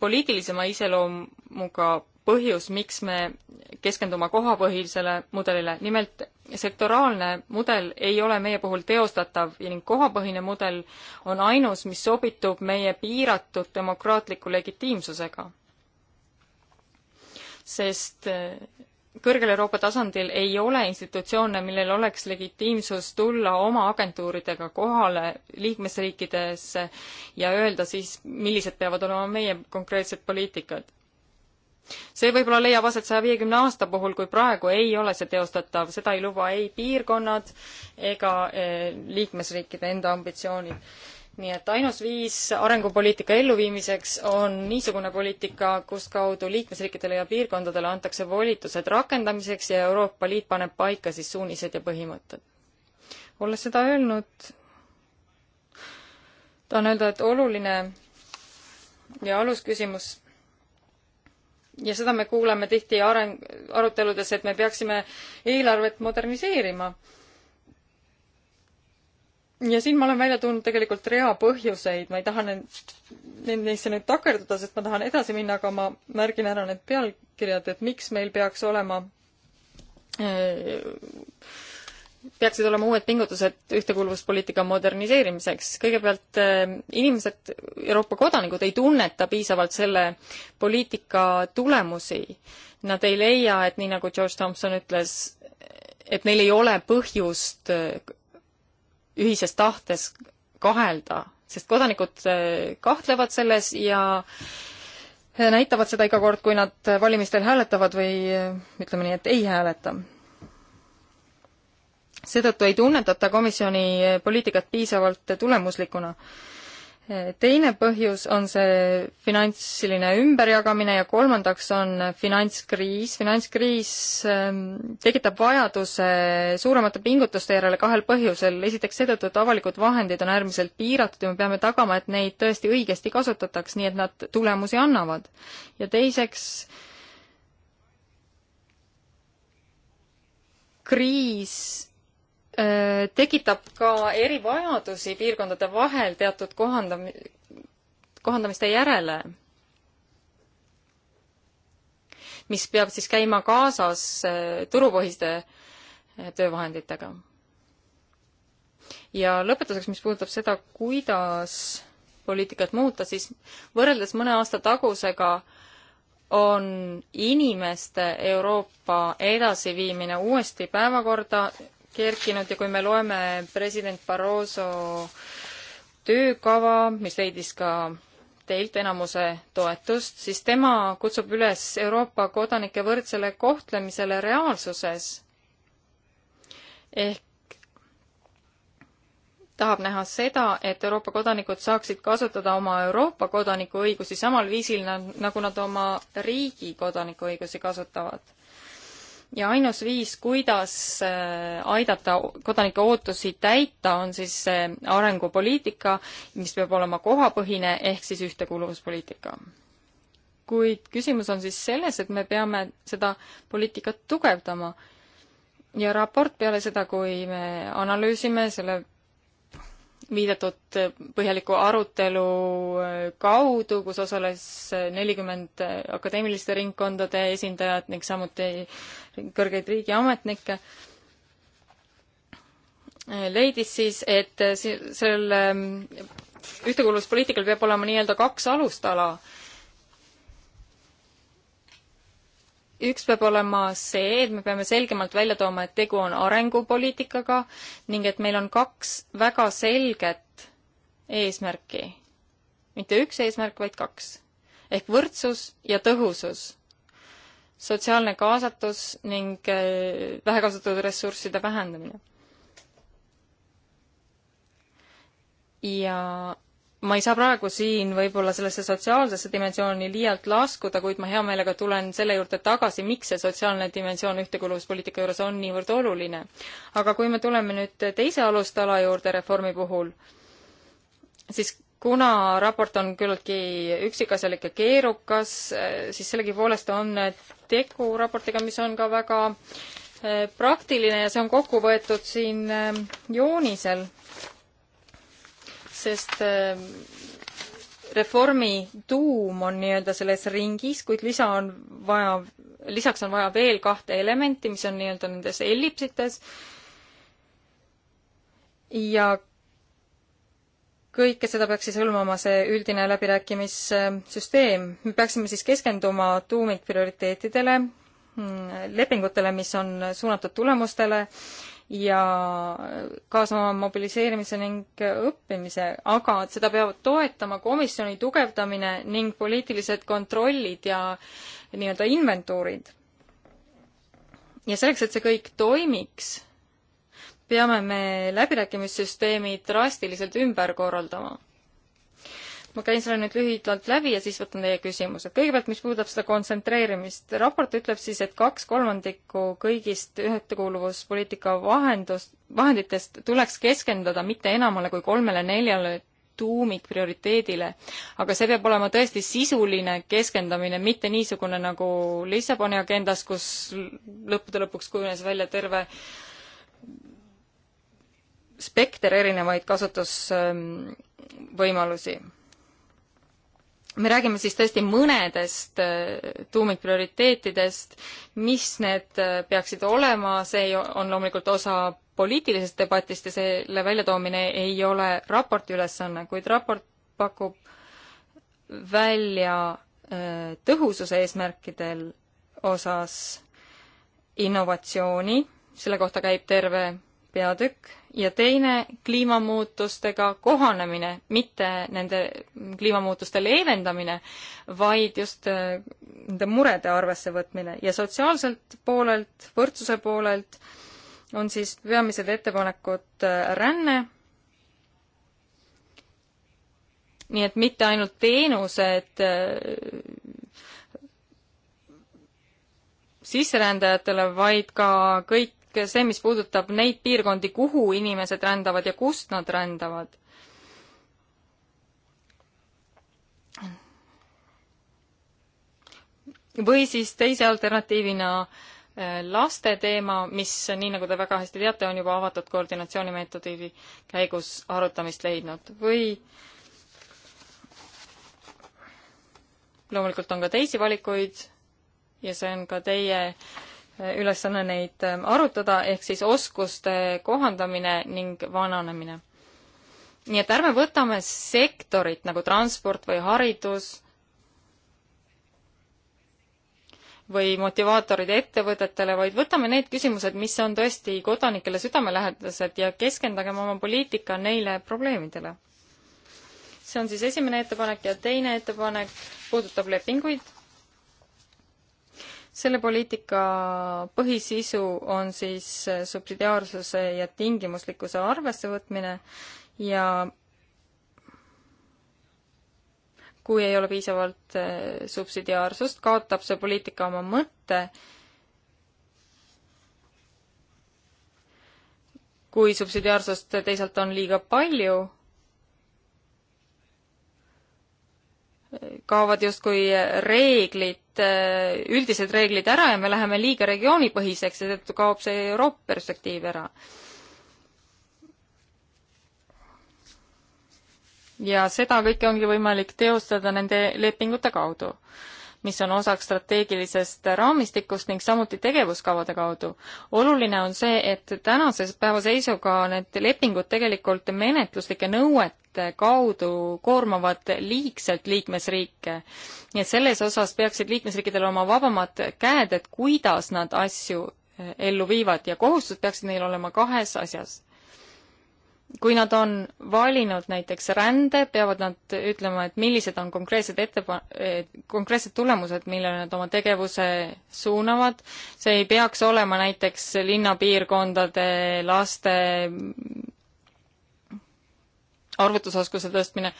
Speaker 1: poliitilisema iseloomuga põhjus, miks me keskendume kohapõhisele mudelile. nimelt sektoraalne mudel ei ole meie puhul teostatav ning kohapõhine mudel on ainus, mis sobitub meie piiratud demokraatliku legitiimsusega. sest kõrgel Euroopa tasandil ei ole institutsioone, millel oleks legitiimsus tulla oma agentuuridega kohale liikmesriikidesse ja öelda siis, millised peavad olema meie konkreetsed poliitikad. see võib-olla leiab aset saja viiekümne aasta puhul, kui praegu ei ole see teostatav, seda ei luba ei piirkonnad ega eh, liikmesriikide enda ambitsioonid nii et ainus viis arengupoliitika elluviimiseks on niisugune poliitika, kustkaudu liikmesriikidele ja piirkondadele antakse volitused rakendamiseks ja Euroopa Liit paneb paika siis suunised ja põhimõtted. olles seda öelnud, tahan öelda, et oluline ja alusküsimus ja seda me kuuleme tihti areng, aruteludes, et me peaksime eelarvet moderniseerima ja siin ma olen välja toonud tegelikult rea põhjuseid, ma ei taha neid, neisse nüüd takerduda, sest ma tahan edasi minna, aga ma märgin ära need pealkirjad, et miks meil peaks olema äh, peaksid olema uued pingutused ühtekuuluvuspoliitika moderniseerimiseks. kõigepealt äh, inimesed, Euroopa kodanikud ei tunneta piisavalt selle poliitika tulemusi. Nad ei leia, et nii nagu George Thompson ütles, et neil ei ole põhjust äh, ühises tahtes kahelda, sest kodanikud äh, kahtlevad selles ja äh, näitavad seda iga kord, kui nad valimistel hääletavad või äh, ütleme nii, et ei hääleta. seetõttu ei tunnetata komisjoni poliitikat piisavalt tulemuslikuna teine põhjus on see finantsiline ümberjagamine ja kolmandaks on finantskriis. finantskriis ähm, tekitab vajaduse suuremate pingutuste järele kahel põhjusel. esiteks seetõttu, et avalikud vahendid on äärmiselt piiratud ja me peame tagama, et neid tõesti õigesti kasutataks, nii et nad tulemusi annavad. ja teiseks kriis tekitab ka erivajadusi piirkondade vahel teatud kohandam-, kohandamiste järele, mis peab siis käima kaasas turupõhiste töövahenditega. ja lõpetuseks, mis puudutab seda, kuidas poliitikat muuta, siis võrreldes mõne aasta tagusega on inimeste Euroopa edasiviimine uuesti päevakorda kerkinud ja kui me loeme president Barroso töökava, mis leidis ka teilt enamuse toetust, siis tema kutsub üles Euroopa kodanike võrdsele kohtlemisele reaalsuses. ehk tahab näha seda, et Euroopa kodanikud saaksid kasutada oma Euroopa kodanikuõigusi samal viisil, nagu nad oma riigi kodanikuõigusi kasutavad ja ainus viis, kuidas äh, aidata kodanike ootusi täita, on siis arengupoliitika, mis peab olema kohapõhine, ehk siis ühtekuuluvuspoliitika. kuid küsimus on siis selles, et me peame seda poliitikat tugevdama ja raport peale seda, kui me analüüsime selle viidatud põhjaliku arutelu kaudu, kus osales nelikümmend akadeemiliste ringkondade esindajat ning samuti kõrgeid riigiametnikke, leidis siis, et sellel ehm, ühtekuuluvuspoliitikal peab olema nii-öelda kaks alustala üks peab olema see, et me peame selgemalt välja tooma, et tegu on arengupoliitikaga ning et meil on kaks väga selget eesmärki. mitte üks eesmärk, vaid kaks. ehk võrdsus ja tõhusus. sotsiaalne kaasatus ning äh, vähekasutatud ressursside vähendamine. ja ma ei saa praegu siin võib-olla sellesse sotsiaalsesse dimensiooni liialt laskuda, kuid ma hea meelega tulen selle juurde tagasi, miks see sotsiaalne dimensioon ühtekuuluvuspoliitika juures on niivõrd oluline. aga kui me tuleme nüüd teise alustala juurde reformi puhul, siis kuna raport on küllaltki üksikasjalik ja keerukas, siis sellegipoolest on tegu raportiga, mis on ka väga eh, praktiline ja see on kokku võetud siin eh, joonisel sest ehm, reformi tuum on nii-öelda selles ringis, kuid lisa on vaja, lisaks on vaja veel kahte elementi, mis on nii-öelda nendes ellipsites. ja kõike seda peaks siis hõlmama see üldine läbirääkimissüsteem. me peaksime siis keskenduma tuumikprioriteetidele, mm, lepingutele, mis on suunatud tulemustele ja kaasama mobiliseerimise ning õppimise, aga seda peavad toetama komisjoni tugevdamine ning poliitilised kontrollid ja nii-öelda inventuurid. ja selleks, et see kõik toimiks, peame me läbirääkimissüsteemi drastiliselt ümber korraldama ma käin selle nüüd lühidalt läbi ja siis võtan teie küsimused. kõigepealt, mis puudutab seda kontsentreerimist, raport ütleb siis, et kaks kolmandikku kõigist ühtekuuluvuspoliitika vahendust, vahenditest tuleks keskenduda mitte enamale kui kolmele-neljale tuumikprioriteedile. aga see peab olema tõesti sisuline keskendamine, mitte niisugune nagu Lissaboni agendas, kus lõppude lõpuks kujunes välja terve spekter erinevaid kasutusvõimalusi ähm, me räägime siis tõesti mõnedest äh, tuumikprioriteetidest, mis need äh, peaksid olema, see on loomulikult osa poliitilisest debatist ja selle väljatoomine ei ole raporti ülesanne, kuid raport pakub välja äh, tõhususe eesmärkidel osas innovatsiooni, selle kohta käib terve peatükk ja teine kliimamuutustega kohanemine, mitte nende kliimamuutuste leevendamine, vaid just äh, nende murede arvessevõtmine ja sotsiaalselt poolelt, võrdsuse poolelt on siis peamised ettepanekud äh, ränne, nii et mitte ainult teenused äh, sisserändajatele, vaid ka kõik see, mis puudutab neid piirkondi, kuhu inimesed rändavad ja kust nad rändavad. või siis teise alternatiivina eh, laste teema, mis, nii nagu te väga hästi teate, on juba avatud koordinatsioonimeetodi käigus arutamist leidnud või loomulikult on ka teisi valikuid ja see on ka teie ülesanne neid ähm, arutada, ehk siis oskuste kohandamine ning vananemine. nii et ärme võtame sektorit nagu transport või haridus või motivaatorid ettevõtetele, vaid võtame need küsimused, mis on tõesti kodanikele südamelähedased ja keskendagem oma poliitika neile probleemidele. see on siis esimene ettepanek ja teine ettepanek puudutab lepinguid selle poliitika põhisisu on siis äh, subsidiaarsuse ja tingimuslikkuse arvessevõtmine ja kui ei ole piisavalt äh, subsidiaarsust, kaotab see poliitika oma mõtte, kui subsidiaarsust teisalt on liiga palju kaovad justkui reeglid, üldised reeglid ära ja me läheme liiga regioonipõhiseks ja seetõttu kaob see Euroopa perspektiiv ära. ja seda kõike ongi võimalik teostada nende lepingute kaudu mis on osaks strateegilisest raamistikust ning samuti tegevuskavade kaudu. oluline on see, et tänase päeva seisuga need lepingud tegelikult menetluslike nõuete kaudu koormavad liigselt liikmesriike. nii et selles osas peaksid liikmesriikidel olema vabamad käed, et kuidas nad asju eh, ellu viivad ja kohustused peaksid neil olema kahes asjas kui nad on valinud näiteks rände, peavad nad ütlema, et millised on konkreetsed ettepa-, eh, konkreetsed tulemused, millele nad oma tegevuse suunavad. see ei peaks olema näiteks linnapiirkondade laste arvutusoskuse tõstmine.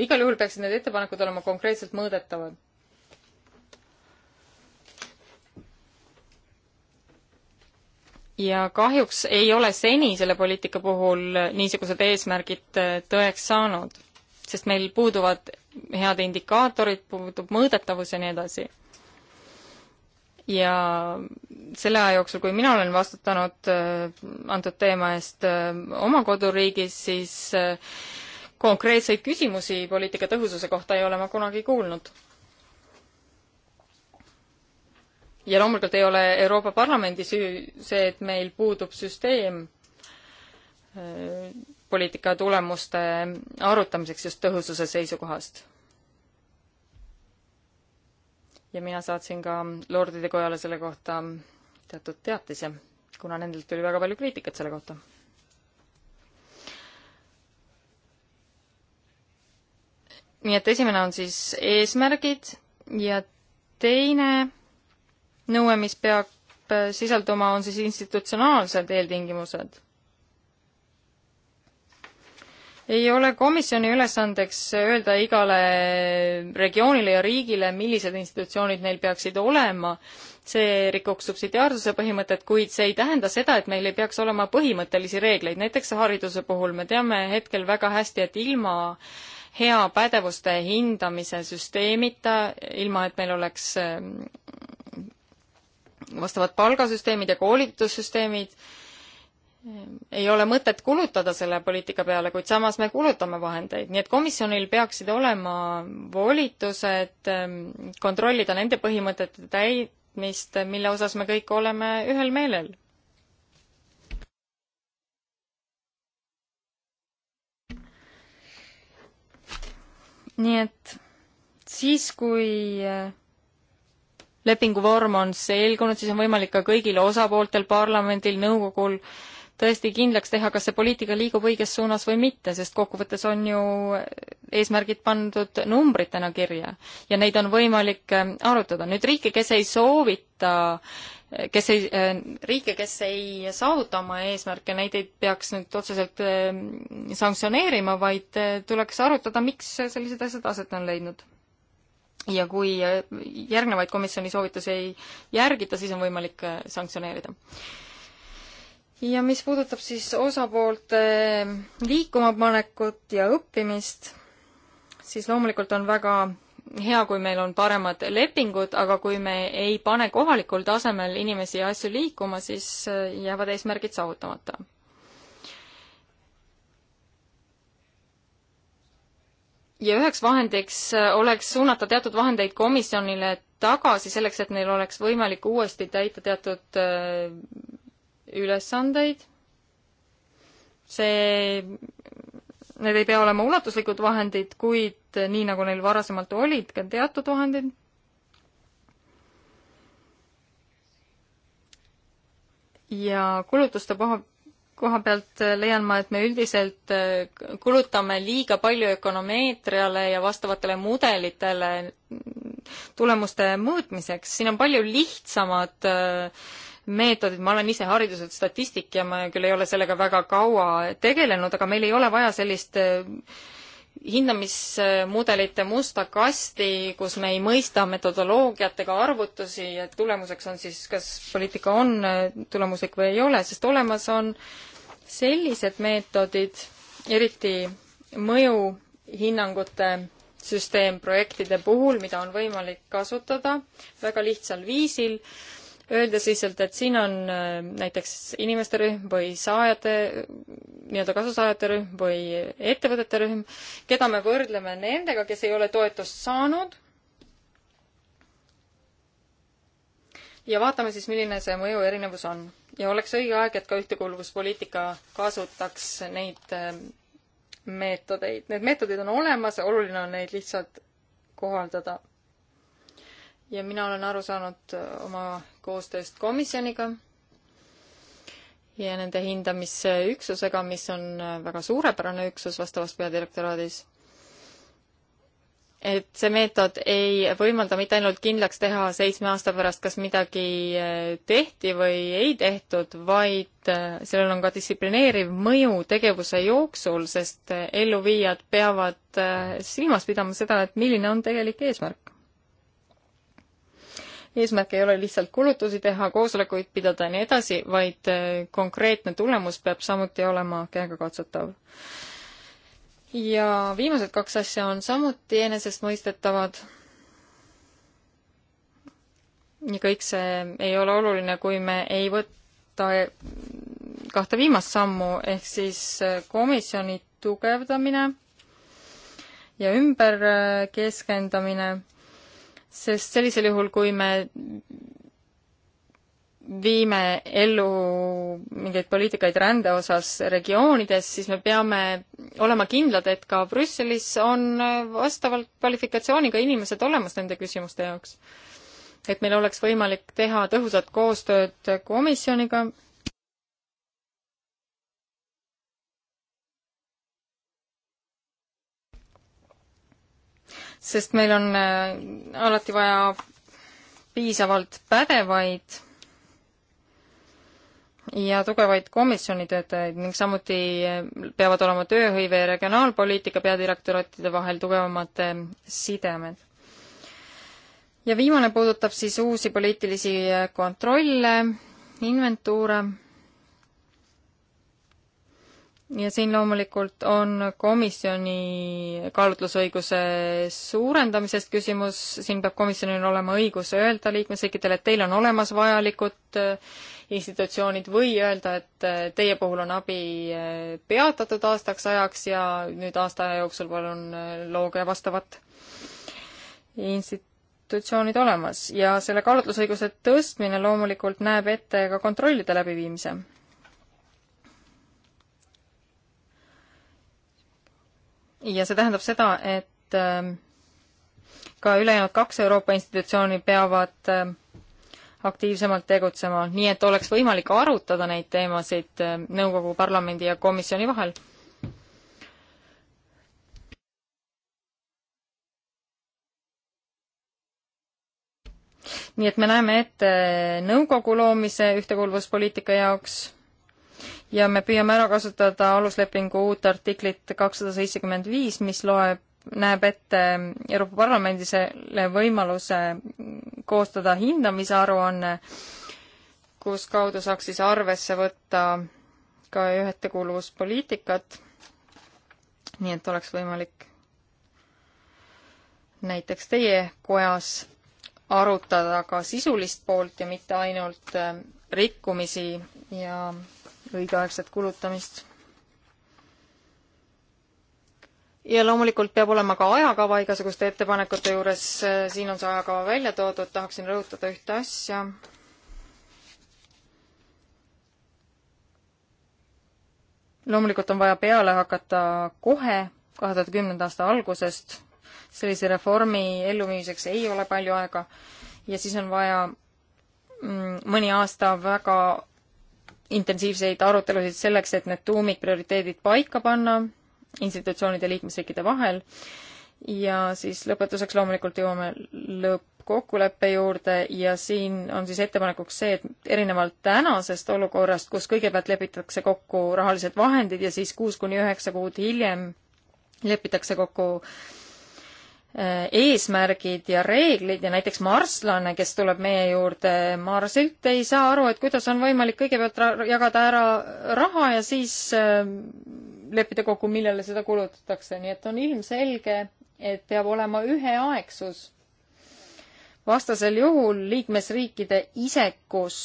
Speaker 1: igal juhul peaksid need ettepanekud olema konkreetselt mõõdetavad ja kahjuks ei ole seni selle poliitika puhul niisugused eesmärgid äh, tõeks saanud, sest meil puuduvad head indikaatorid, puudub mõõdetavus ja nii edasi. ja selle aja jooksul, kui mina olen vastutanud äh, antud teema eest äh, oma koduriigis, siis konkreetseid küsimusi poliitika tõhususe kohta ei ole ma kunagi kuulnud ja loomulikult ei ole Euroopa Parlamendi süü see, et meil puudub süsteem äh, poliitika tulemuste arutamiseks just tõhususe seisukohast. ja mina saatsin ka Lordide Kojale selle kohta teatud teatise, kuna nendelt tuli väga palju kriitikat selle kohta. nii et esimene on siis eesmärgid ja teine nõue, mis peab sisalduma, on siis institutsionaalsed eeltingimused. ei ole komisjoni ülesandeks öelda igale regioonile ja riigile, millised institutsioonid neil peaksid olema, see rikuks subsidiaarsuse põhimõtet, kuid see ei tähenda seda, et meil ei peaks olema põhimõttelisi reegleid, näiteks hariduse puhul me teame hetkel väga hästi, et ilma hea pädevuste hindamise süsteemita, ilma et meil oleks vastavad palgasüsteemid ja koolitussüsteemid. ei ole mõtet kulutada selle poliitika peale, kuid samas me kulutame vahendeid, nii et komisjonil peaksid olema volitused ehm, kontrollida nende põhimõtete täitmist, mille osas me kõik oleme ühel meelel. nii et siis, kui ehm, lepinguvorm on selgunud, siis on võimalik ka kõigil osapooltel, parlamendil, nõukogul tõesti kindlaks teha, kas see poliitika liigub õiges suunas või mitte, sest kokkuvõttes on ju eesmärgid pandud numbritena kirja ja neid on võimalik äh, arutada. nüüd riike, kes ei soovita, äh, kes ei, äh, riike, kes ei saavuta oma eesmärke, neid ei peaks nüüd otseselt sanktsioneerima, vaid tuleks arutada, miks sellised asjad aset on leidnud ja kui järgnevaid komisjoni soovitusi ei järgita, siis on võimalik äh, sanktsioneerida. ja mis puudutab siis osapoolte äh, liikumapanekut ja õppimist, siis loomulikult on väga hea, kui meil on paremad lepingud, aga kui me ei pane kohalikul tasemel inimesi ja asju liikuma, siis äh, jäävad eesmärgid saavutamata ja üheks vahendiks äh, oleks suunata teatud vahendeid komisjonile tagasi selleks, et neil oleks võimalik uuesti täita teatud äh, ülesandeid. see, need ei pea olema ulatuslikud vahendid, kuid nii, nagu neil varasemalt olid, ka teatud vahendid. ja kulutuste puhul koha pealt äh, leian ma, et me üldiselt äh, kulutame liiga palju ökonomeetriale ja vastavatele mudelitele tulemuste mõõtmiseks, siin on palju lihtsamad äh, meetodid, ma olen ise hariduselt statistik ja ma küll ei ole sellega väga kaua tegelenud, aga meil ei ole vaja sellist hindamismudelite musta kasti, kus me ei mõista metodoloogiat ega arvutusi, et tulemuseks on siis, kas poliitika on äh, tulemuslik või ei ole, sest olemas on sellised meetodid, eriti mõjuhinnangute süsteem projektide puhul, mida on võimalik kasutada väga lihtsal viisil öelda lihtsalt, et siin on äh, näiteks inimeste rühm või saajate, nii-öelda kasusaajate rühm või ettevõtete rühm, keda me võrdleme nendega, kes ei ole toetust saanud. ja vaatame siis, milline see mõju erinevus on ja oleks õige aeg, et ka ühtekuuluvuspoliitika kasutaks neid äh, meetodeid. Need meetodid on olemas, oluline on neid lihtsalt kohaldada ja mina olen aru saanud äh, oma koostööst komisjoniga ja nende hindamisüksusega, mis on äh, väga suurepärane üksus vastavas peadirektoraadis. et see meetod ei võimalda mitte ainult kindlaks teha seitsme aasta pärast, kas midagi äh, tehti või ei tehtud, vaid sellel on ka distsiplineeriv mõju tegevuse jooksul, sest elluviijad peavad silmas pidama seda, et milline on tegelik eesmärk eesmärk ei ole lihtsalt kulutusi teha, koosolekuid pidada ja nii edasi, vaid äh, konkreetne tulemus peab samuti olema käegakatsutav. ja viimased kaks asja on samuti enesestmõistetavad ja kõik see ei ole oluline, kui me ei võta kahte viimast sammu, ehk siis äh, komisjoni tugevdamine ja ümberkeskendamine äh, sest sellisel juhul, kui me viime ellu mingeid poliitikaid rände osas regioonides, siis me peame olema kindlad, et ka Brüsselis on vastavalt kvalifikatsiooniga inimesed olemas nende küsimuste jaoks. et meil oleks võimalik teha tõhusat koostööd komisjoniga sest meil on äh, alati vaja piisavalt pädevaid ja tugevaid komisjoni töötajaid ning samuti äh, peavad olema tööhõive ja regionaalpoliitika peadirektoratide vahel tugevamad äh, sidemed. ja viimane puudutab siis uusi poliitilisi kontrolle, inventuure ja siin loomulikult on komisjoni kaalutlusõiguse suurendamisest küsimus, siin peab komisjonil olema õigus öelda liikmesriikidele, et teil on olemas vajalikud äh, institutsioonid või öelda, et äh, teie puhul on abi äh, peatatud aastaks ajaks ja nüüd aasta aja jooksul palun looge vastavat institutsioonid olemas ja selle kaalutlusõiguse tõstmine loomulikult näeb ette ka kontrollide läbiviimise ja see tähendab seda, et ähm, ka ülejäänud kaks Euroopa institutsiooni peavad ähm, aktiivsemalt tegutsema, nii et oleks võimalik arutada neid teemasid ähm, nõukogu, parlamendi ja komisjoni vahel. nii et me näeme ette äh, nõukogu loomise ühtekuuluvuspoliitika jaoks ja me püüame ära kasutada aluslepingu uut artiklit kakssada seitsekümmend viis, mis loeb, näeb ette Euroopa Parlamendile võimaluse koostada hindamisaruanne, kus kaudu saaks siis arvesse võtta ka ühtekuuluvuspoliitikat, nii et oleks võimalik näiteks teie kojas arutada ka sisulist poolt ja mitte ainult äh, rikkumisi ja õigeaegset kulutamist. ja loomulikult peab olema ka ajakava igasuguste ettepanekute juures, siin on see ajakava välja toodud, tahaksin rõhutada ühte asja. loomulikult on vaja peale hakata kohe, kahe tuhande kümnenda aasta algusest, sellise reformi elluviimiseks ei ole palju aega ja siis on vaja mm, mõni aasta väga intensiivseid arutelusid selleks, et need tuumikprioriteedid paika panna institutsioonide liikmesriikide vahel ja siis lõpetuseks loomulikult jõuame lõppkokkuleppe juurde ja siin on siis ettepanekuks see, et erinevalt tänasest olukorrast, kus kõigepealt lepitakse kokku rahalised vahendid ja siis kuus kuni üheksa kuud hiljem lepitakse kokku äh, Äh, eesmärgid ja reeglid ja näiteks marslane, kes tuleb meie juurde Marsilt, ei saa aru, et kuidas on võimalik kõigepealt jagada ära raha ja siis äh, leppida kokku, millele seda kulutatakse, nii et on ilmselge, et peab olema üheaegsus. vastasel juhul liikmesriikide isekus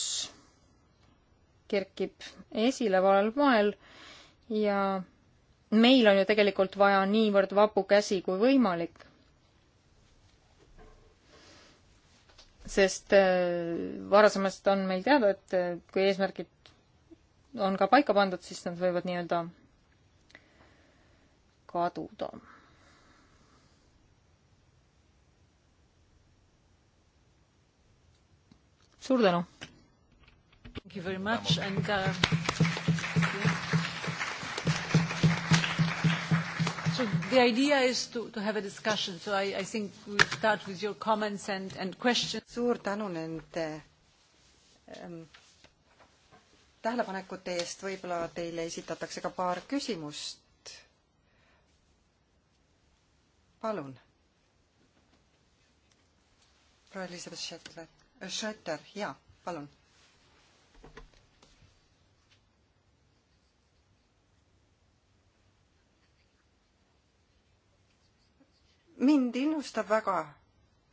Speaker 1: kerkib esile valel moel ja meil on ju tegelikult vaja niivõrd vabu käsi kui võimalik sest äh, varasemast on meil teada, et äh, kui eesmärgid on ka paika pandud, siis nad võivad nii-öelda kaduda. suur tänu!
Speaker 3: Thank you very much and uh the idea is to, to have a discussion, so I, I think we'll start with your comments and, and questions. suur tänu nende ähm, tähelepanekute eest, võib-olla teile esitatakse ka paar küsimust. palun. proua Elizabeth Schättler, äh, Schätter, jaa, palun mind innustab väga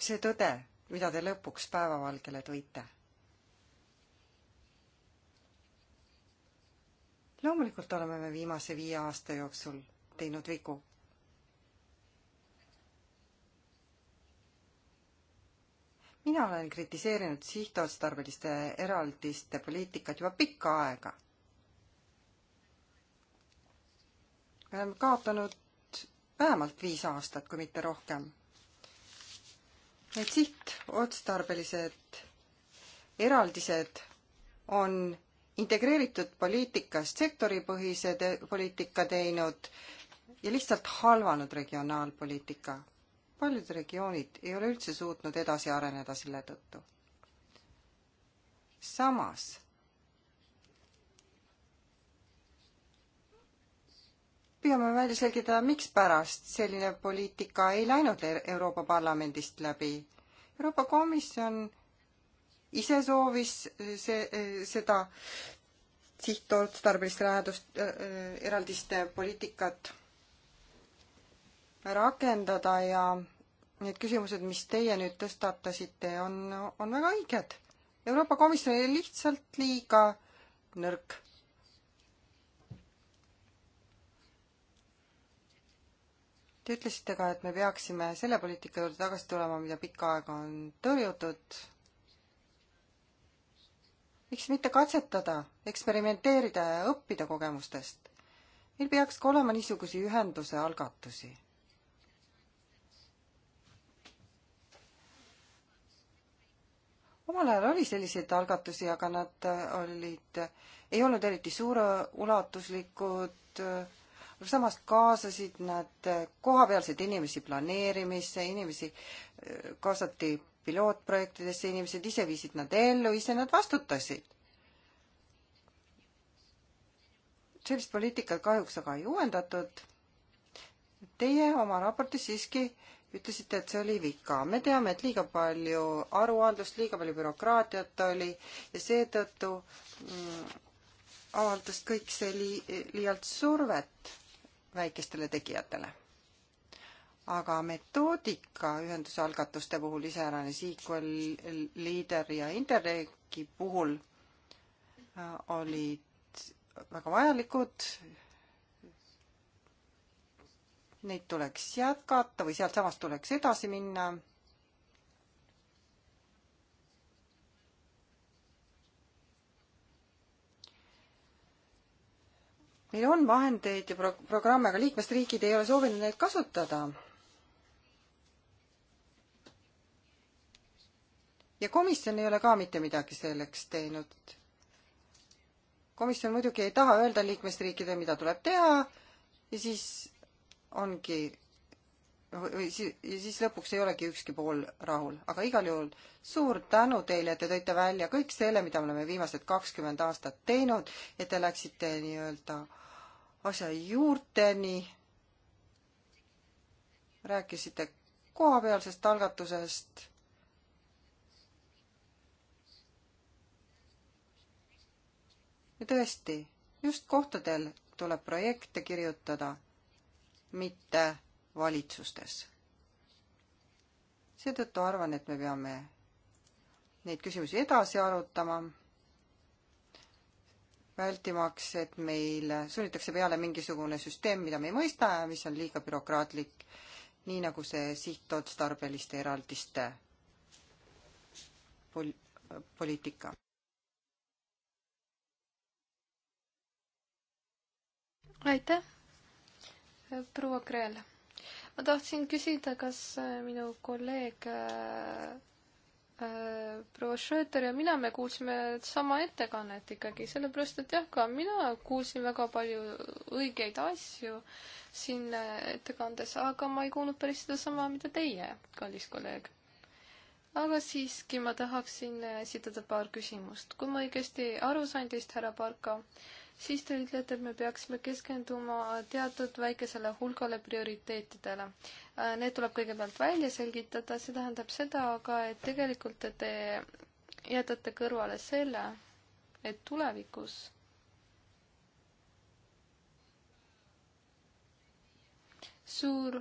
Speaker 3: see tõde, mida te lõpuks päevavalgele tõite. loomulikult oleme me viimase viie aasta jooksul teinud vigu. mina olen kritiseerinud sihtotstarbeliste eraldiste poliitikat juba pikka aega. me oleme kaotanud vähemalt viis aastat, kui mitte rohkem. Need sihtotstarbelised eraldised on integreeritud poliitikast sektoripõhise poliitika teinud ja lihtsalt halvanud regionaalpoliitika. paljud regioonid ei ole üldse suutnud edasi areneda selle tõttu. samas püüame välja selgitada, mikspärast selline poliitika ei läinud e-, Euroopa Parlamendist läbi. Euroopa Komisjon ise soovis see, seda sihtotstarbelist lähedust äh,, eraldiste poliitikat rakendada ja need küsimused, mis teie nüüd tõstatasite, on, on väga õiged. Euroopa Komisjon oli lihtsalt liiga nõrk Te ütlesite ka, et me peaksime selle poliitika juurde tagasi tulema, mida pikka aega on tõrjutud. miks mitte katsetada, eksperimenteerida ja õppida kogemustest? meil peaks ka olema niisugusi ühenduse algatusi. omal ajal oli selliseid algatusi, aga nad äh, olid, äh, ei olnud eriti suure ulatuslikud äh, samas kaasasid nad eh, kohapealseid inimesi planeerimisse, inimesi eh, kaasati pilootprojektidesse, inimesed ise viisid nad ellu, ise nad vastutasid. sellist poliitikat kahjuks aga ei uuendatud. Teie oma raportis siiski ütlesite, et see oli viga. me teame, et liiga palju aruandlust, liiga palju bürokraatiat oli ja seetõttu mm, avaldas kõik see li-, liialt survet väikestele tegijatele. aga metoodika ühenduse algatuste puhul iseäranis Equal, Leader ja Interregi puhul äh, olid väga vajalikud. Neid tuleks jätkata või sealtsamast tuleks edasi minna meil on vahendeid ja pro-, programme, aga liikmesriigid ei ole soovinud neid kasutada. ja komisjon ei ole ka mitte midagi selleks teinud. komisjon muidugi ei taha öelda liikmesriikidele, mida tuleb teha ja siis ongi või si-, ja siis lõpuks ei olegi ükski pool rahul. aga igal juhul suur tänu teile, et te tõite välja kõik selle, mida me oleme viimased kakskümmend aastat teinud ja te läksite nii-öelda äh, asja juurteni. rääkisite kohapealsest algatusest. ja tõesti, just kohtadel tuleb projekte kirjutada, mitte valitsustes. seetõttu arvan, et me peame neid küsimusi edasi arutama vältimaks, et meil sunnitakse peale mingisugune süsteem, mida me ei mõista ja mis on liiga bürokraatlik, nii nagu see sihtotstarbeliste eraldiste pol-, poliitika. aitäh,
Speaker 2: proua Kreel. ma tahtsin küsida, kas minu kolleeg äh, proua Schröter ja mina, me kuulsime sama ettekannet ikkagi, sellepärast et jah, ka mina kuulsin väga palju õigeid asju siin ettekandes, aga ma ei kuulnud päris sedasama, mida teie, kallis kolleeg. aga siiski ma tahaksin esitada paar küsimust. kui ma õigesti aru sain teist, härra Parka, siis te ütlete, et me peaksime keskenduma teatud väikesele hulgale prioriteetidele. Äh, need tuleb kõigepealt välja selgitada, see tähendab seda aga, et tegelikult te jätate kõrvale selle, et tulevikus suur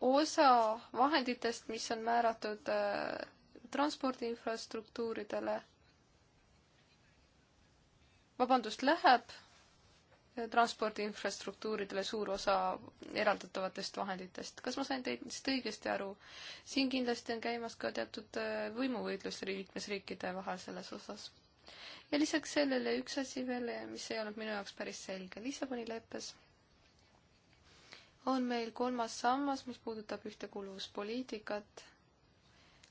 Speaker 2: osa vahenditest, mis on määratud äh, transpordi infrastruktuuridele vabandust, läheb transpordi infrastruktuuridele suur osa eraldatavatest vahenditest. kas ma sain teist õigesti aru? siin kindlasti on käimas ka teatud äh, võimuvõitlus liikmesriikide vahel selles osas. ja lisaks sellele üks asi veel, mis ei olnud minu jaoks päris selge. Lissaboni leppes on meil kolmas sammas, mis puudutab ühtekuuluvuspoliitikat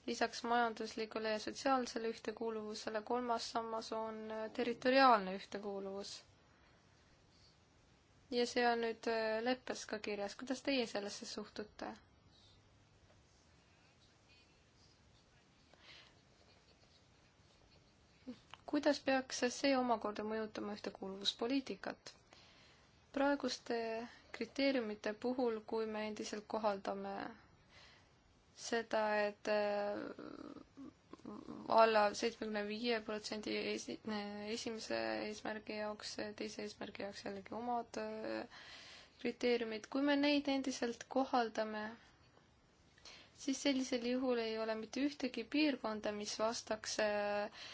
Speaker 2: lisaks majanduslikule ja sotsiaalsele ühtekuuluvusele kolmas sammas on äh, territoriaalne ühtekuuluvus. ja see on nüüd äh, leppes ka kirjas, kuidas teie sellesse suhtute? kuidas peaks see omakorda mõjutama ühtekuuluvuspoliitikat? praeguste kriteeriumite puhul, kui me endiselt kohaldame seda, et äh, alla seitsmekümne viie protsendi esimese eesmärgi jaoks, teise eesmärgi jaoks jällegi omad äh, kriteeriumid, kui me neid endiselt kohaldame, siis sellisel juhul ei ole mitte ühtegi piirkonda, mis vastaks, äh,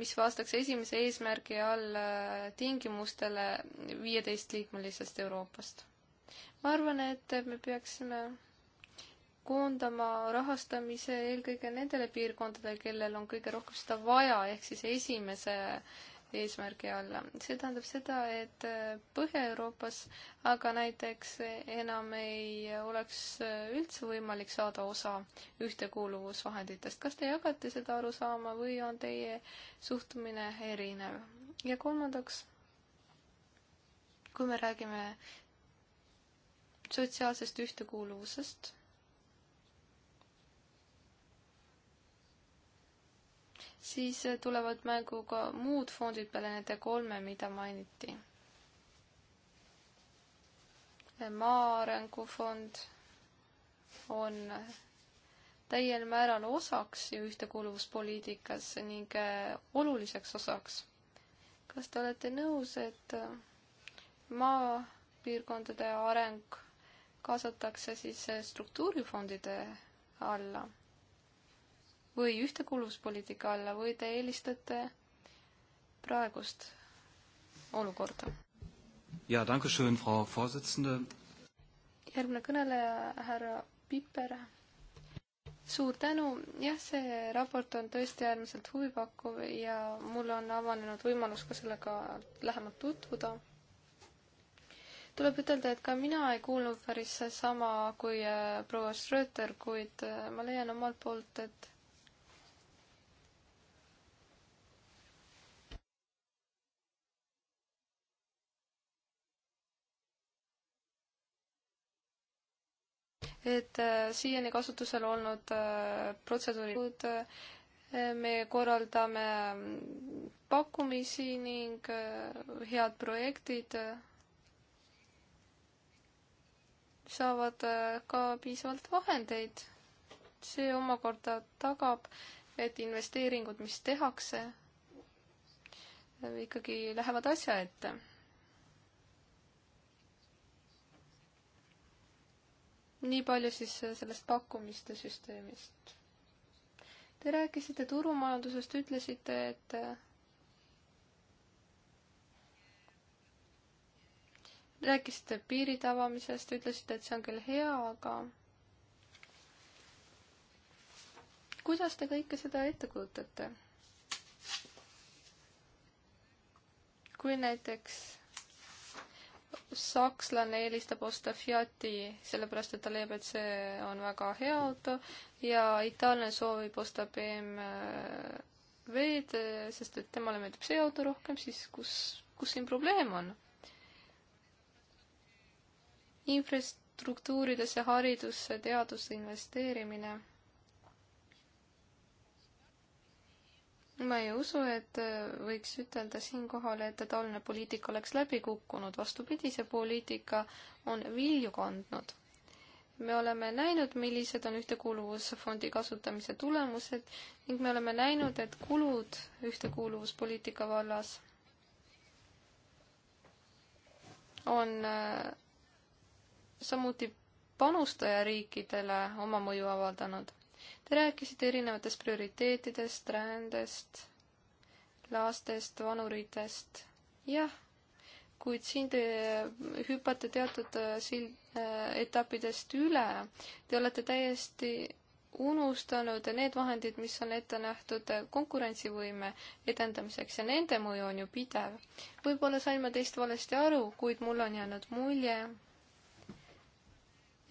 Speaker 2: mis vastaks esimese eesmärgi all tingimustele viieteistliikmelisest Euroopast. ma arvan, et me peaksime koondama rahastamise eelkõige nendele piirkondadele, kellel on kõige rohkem seda vaja, ehk siis esimese eesmärgi alla. see tähendab seda, et äh, Põhja-Euroopas aga näiteks enam ei oleks äh, üldse võimalik saada osa ühtekuuluvusvahenditest. kas te jagate seda arusaama või on teie suhtumine erinev? ja kolmandaks, kui me räägime sotsiaalsest ühtekuuluvusest siis tulevad mängu ka muud fondid peale nende kolme, mida mainiti. maaarengu fond on täiel määral osaks ju ühtekuuluvuspoliitikas ning äh, oluliseks osaks. kas te olete nõus, et äh, maapiirkondade areng kaasatakse siis äh, struktuurifondide alla? või ühtekuuluvuspoliitika alla või te eelistate praegust olukorda?
Speaker 3: jaa, danke schön, Frau Vorsitzende.
Speaker 2: järgmine kõneleja, härra Piper. suur tänu, jah, see raport on tõesti äärmiselt huvipakkuv ja mul on avanenud võimalus ka sellega lähemalt tutvuda. tuleb ütelda, et ka mina ei kuulnud päris sama kui äh, proua Schröter, kuid äh, ma leian omalt poolt, et et äh, siiani kasutusel olnud äh, protseduurid äh, me korraldame mm, pakkumisi ning head projektid saavad ka piisavalt vahendeid. see omakorda tagab, et investeeringud, mis tehakse, ikkagi lähevad asja ette nii palju siis äh, sellest pakkumiste süsteemist. Te rääkisite turumajandusest, ütlesite, et äh, rääkisite piiride avamisest, ütlesite, et see on küll hea, aga kuidas te kõike seda ette kujutate? kui näiteks sakslane eelistab osta Fiati, sellepärast et ta leiab, et see on väga hea auto ja itaallane soovib osta BMW-d, sest et temale meeldib see auto rohkem, siis kus, kus siin probleem on? infrastruktuuridesse, haridusse, teadusse investeerimine ma ei usu, et äh, võiks ütelda siinkohal, et taoline poliitika oleks läbi kukkunud, vastupidi, see poliitika on vilju kandnud. me oleme näinud, millised on Ühtekuuluvusfondi kasutamise tulemused ning me oleme näinud, et kulud ühtekuuluvuspoliitika vallas on äh, samuti panustajariikidele oma mõju avaldanud Te rääkisite erinevatest prioriteetidest, rändest, lastest, vanuritest, jah, kuid siin te hüppate teatud äh, sild-, äh, etappidest üle. Te olete täiesti unustanud need vahendid, mis on ette nähtud äh, konkurentsivõime edendamiseks ja nende mõju on ju pidev. võib-olla sain ma teist valesti aru, kuid mul on jäänud mulje,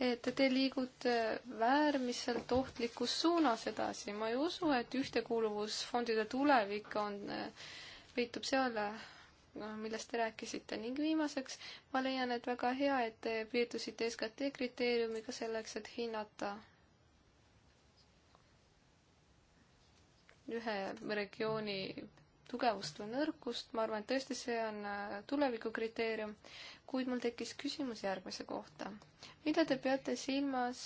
Speaker 2: et te liigute väärmiselt ohtlikus suunas edasi. ma ei usu, et ühtekuuluvusfondide tulevik on, peitub seal, millest te rääkisite. ning viimaseks, ma leian, et väga hea, et te piirdusite SKT kriteeriumiga selleks, et hinnata ühe regiooni tugevust või nõrkust, ma arvan, et tõesti see on äh, tulevikukriteerium, kuid mul tekkis küsimus järgmise kohta. mida te peate silmas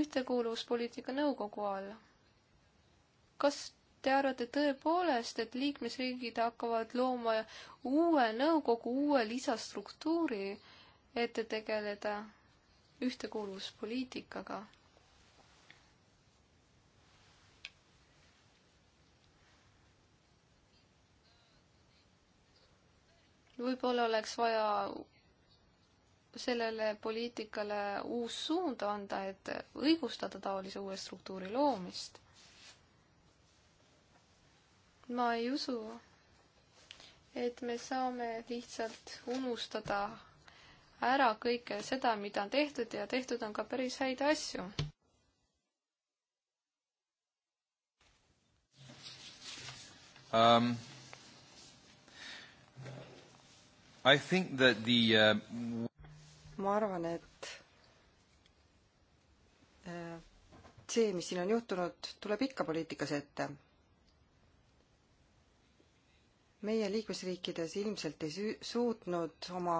Speaker 2: ühtekuuluvuspoliitika nõukogu all? kas te arvate tõepoolest, et liikmesriigid hakkavad looma uue nõukogu, uue lisastruktuuri, et tegeleda ühtekuuluvuspoliitikaga? võib-olla oleks vaja sellele poliitikale uus suund anda, et õigustada taolise uue struktuuri loomist. ma ei usu, et me saame lihtsalt unustada ära kõike seda, mida on tehtud ja tehtud on ka päris häid asju.
Speaker 1: Um, I think that the uh...
Speaker 3: ma arvan, et äh, see, mis siin on juhtunud, tuleb ikka poliitikas ette. meie liikmesriikides ilmselt ei suutnud oma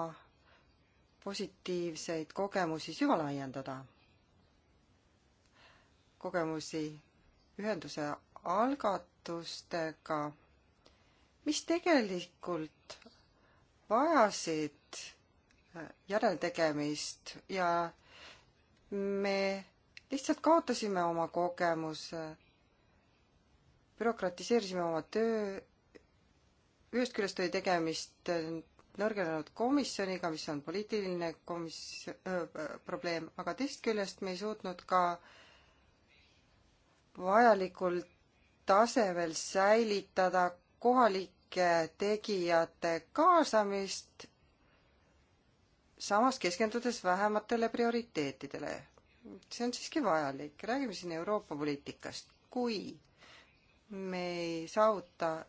Speaker 3: positiivseid kogemusi süvalaiendada. kogemusi ühenduse algatustega, mis tegelikult vajasid äh, järeltegemist ja me lihtsalt kaotasime oma kogemuse, bürokratiseerisime oma töö, ühest küljest oli tegemist äh, nõrgenenud komisjoniga, mis on poliitiline komis- äh,, probleem, aga teisest küljest me ei suutnud ka vajalikul tasemel säilitada kohalik, kodanike tegijate kaasamist, samas keskendudes vähematele prioriteetidele. see on siiski vajalik, räägime siin Euroopa poliitikast, kui me ei saavuta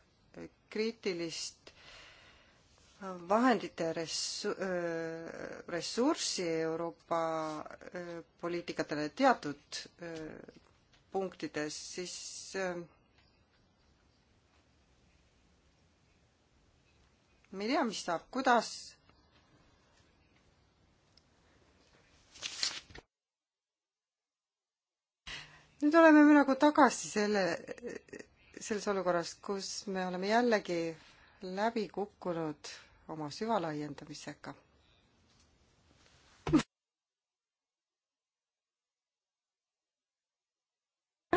Speaker 3: kriitilist vahendite ressu-, ressurssi Euroopa poliitikatele teatud punktides, siis me ei tea, mis saab, kuidas nüüd oleme me nagu tagasi selle, selles olukorras, kus me oleme jällegi läbi kukkunud oma süvalaiendamisega.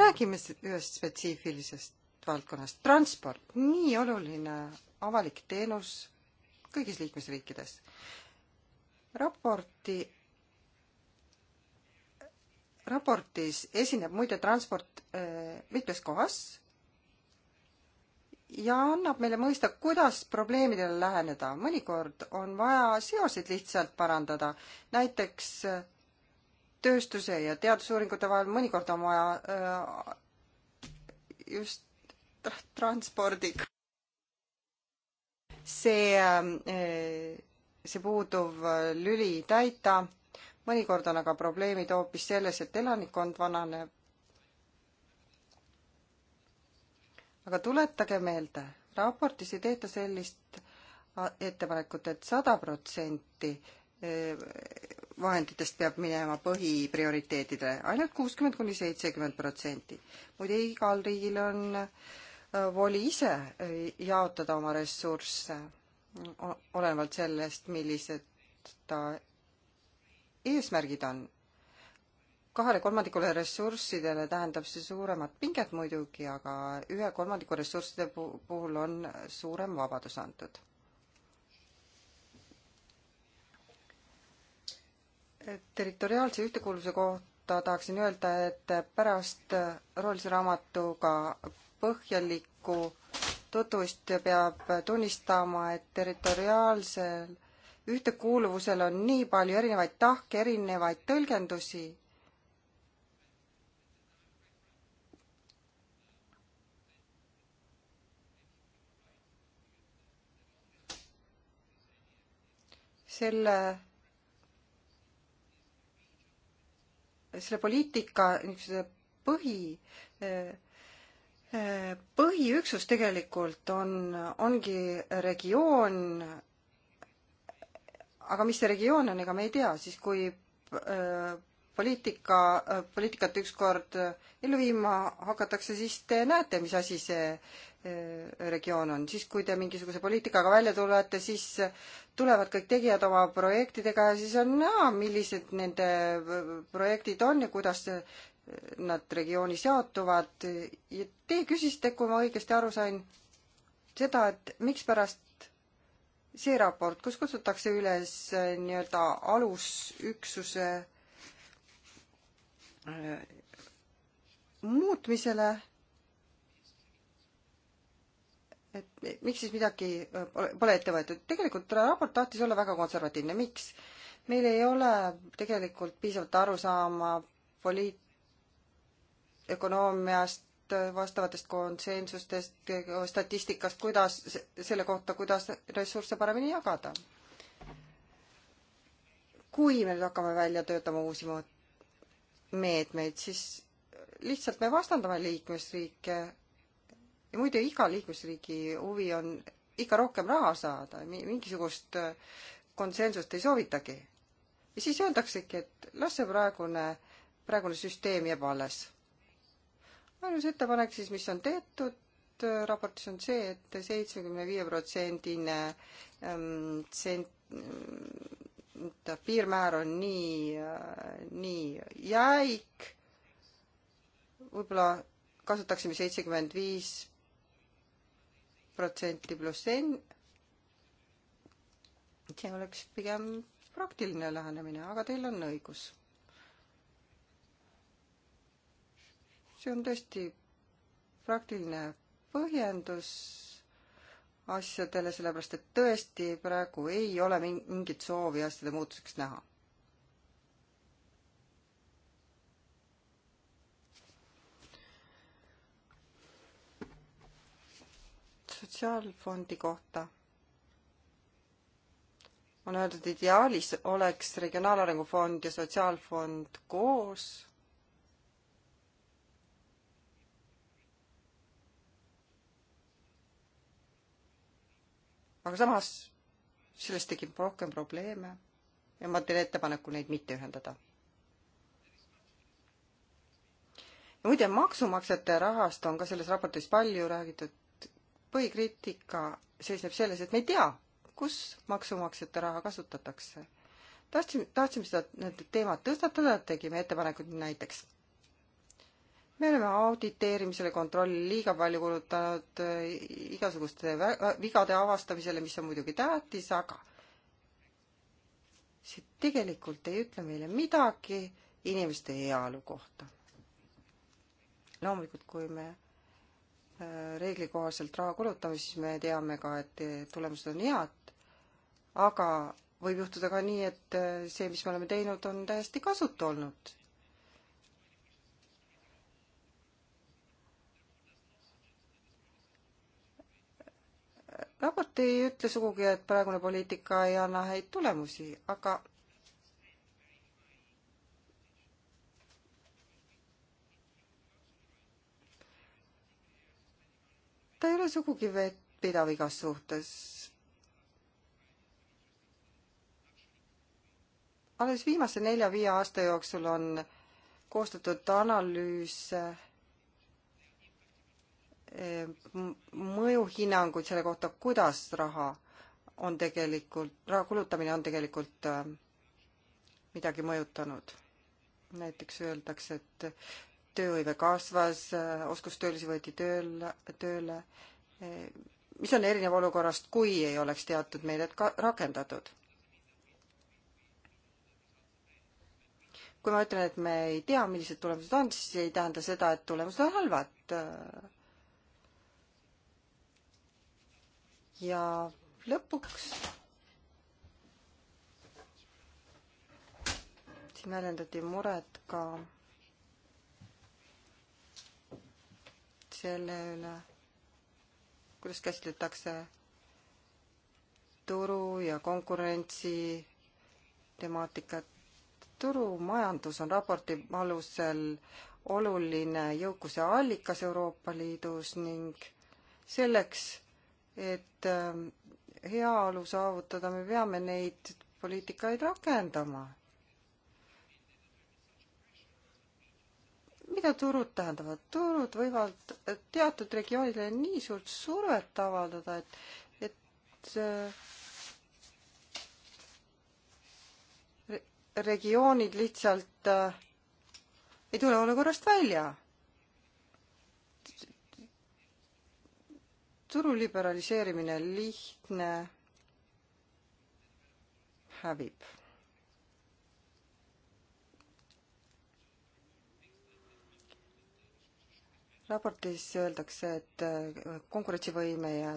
Speaker 3: räägime ühest spetsiifilisest valdkonnast. transport, nii oluline avalik teenus kõigis liikmesriikides. raporti, raportis esineb muide transport äh, mitmes kohas ja annab meile mõista, kuidas probleemidele läheneda. mõnikord on vaja seoseid lihtsalt parandada, näiteks äh, tööstuse ja teadusuuringute vahel, mõnikord on vaja äh, just transpordiga. see, ähm, äh, see puuduv äh, lüli täita, mõnikord on aga probleemid hoopis selles, et elanikkond vananeb. aga tuletage meelde, raportis ei tehta sellist äh, ettepanekut et, et sada protsenti vahenditest peab minema põhiprioriteedidele ainult, ainult kuuskümmend kuni seitsekümmend protsenti. muide, igal riigil on voli ise eh, jaotada oma ressursse, olenevalt sellest, millised ta eesmärgid on. kahele kolmandikule ressurssidele tähendab see suuremat pinget muidugi, aga ühe kolmandiku ressursside puhul on suurem vabadus antud. territoriaalse ühtekuuluvuse kohta tahaksin öelda, et pärast Rohelise raamatuga põhjalikku tutvust ja peab tunnistama, et territoriaalsel ühtekuuluvusel on nii palju erinevaid tahke, erinevaid tõlgendusi. selle, selle poliitika niisuguse põhi eh, põhiüksus tegelikult on, ongi regioon, aga mis see regioon on, ega me ei tea, siis kui äh, poliitika, äh, poliitikat ükskord äh, ellu viima hakatakse, siis te näete, mis asi see regioon on. siis, kui te mingisuguse poliitikaga välja tulete, siis tulevad kõik tegijad oma projektidega ja siis on näha, millised nende projektid on ja kuidas nad regioonis jaotuvad ja teie küsisite, kui ma õigesti aru sain, seda, et mikspärast see raport, kus kutsutakse üles äh, nii-öelda alusüksuse äh, muutmisele, et miks siis midagi äh, pole ette võetud. tegelikult raport tahtis olla väga konservatiivne, miks? meil ei ole tegelikult piisavalt arusaama poliit-, ökonoomiast, vastavatest konsensustest, statistikast, kuidas, selle kohta, kuidas ressursse paremini jagada. kui me nüüd hakkame välja töötama uusi meetmeid, siis lihtsalt me vastandame liikmesriike ja muide, iga liikmesriigi huvi on ikka rohkem raha saada, mingisugust äh, konsensust ei soovitagi. ja siis öeldaksegi, et las see praegune, praegune süsteem jääb alles ainus ettepanek siis, mis on tehtud äh, raportis, on see et, et seitsmekümne viie protsendine ähm, sent-, äh, piirmäär on nii, äh, nii jäik, võib-olla kasutaksime seitsekümmend viis protsenti pluss sen-, see oleks pigem praktiline lähenemine, aga teil on õigus see on tõesti praktiline põhjendus asjadele, sellepärast et tõesti praegu ei ole mingit soovi asjade muutuseks näha. sotsiaalfondi kohta on öeldud, ideaalis oleks Regionaalarengu Fond ja Sotsiaalfond koos aga samas sellest tekib rohkem probleeme ja ma teen ettepaneku neid mitte ühendada. muide, maksumaksjate rahast on ka selles raportis palju räägitud. põhikriitika seisneb selles, et me ei tea, kus maksumaksjate raha kasutatakse. tahtsime, tahtsime seda teemat tõstatada, tegime ettepanekuid näiteks me oleme auditeerimisele, kontrolli liiga palju kulutanud, äh, igasuguste vigade avastamisele, mis on muidugi tähtis, aga see tegelikult ei ütle meile midagi inimeste heaolu kohta. loomulikult, kui me äh, reegli kohaselt raha kulutame, siis me teame ka, et tulemused on head, aga võib juhtuda ka nii, et äh, see, mis me oleme teinud, on täiesti kasutu olnud raport ei ütle sugugi, et praegune poliitika ei anna häid tulemusi, aga ta ei ole sugugi vettpidav igas suhtes. alles viimase nelja-viie aasta jooksul on koostatud analüüse Eh, mõjuhinnanguid selle kohta, kuidas raha on tegelikult, raha kulutamine on tegelikult eh, midagi mõjutanud. näiteks öeldakse, et tööhõive kasvas, eh, oskustöölisi võeti tööle, tööle, mis on erinev olukorrast, kui ei oleks teatud meedet ka rakendatud. kui ma ütlen, et me ei tea, millised tulemused on, siis ei tähenda seda, et tulemused on halvad ja lõpuks siin väljendati muret ka selle üle, kuidas käsitletakse turu ja konkurentsi temaatikat. turumajandus on raporti alusel oluline jõukuse allikas Euroopa Liidus ning selleks et äh, heaolu saavutada, me peame neid poliitikaid rakendama. mida turud tähendavad? turud võivad teatud regioonidele nii suurt survet avaldada, et, et äh, regioonid lihtsalt äh, ei tule olukorrast välja turu liberaliseerimine lihtne hävib. raportis öeldakse, et konkurentsivõime ja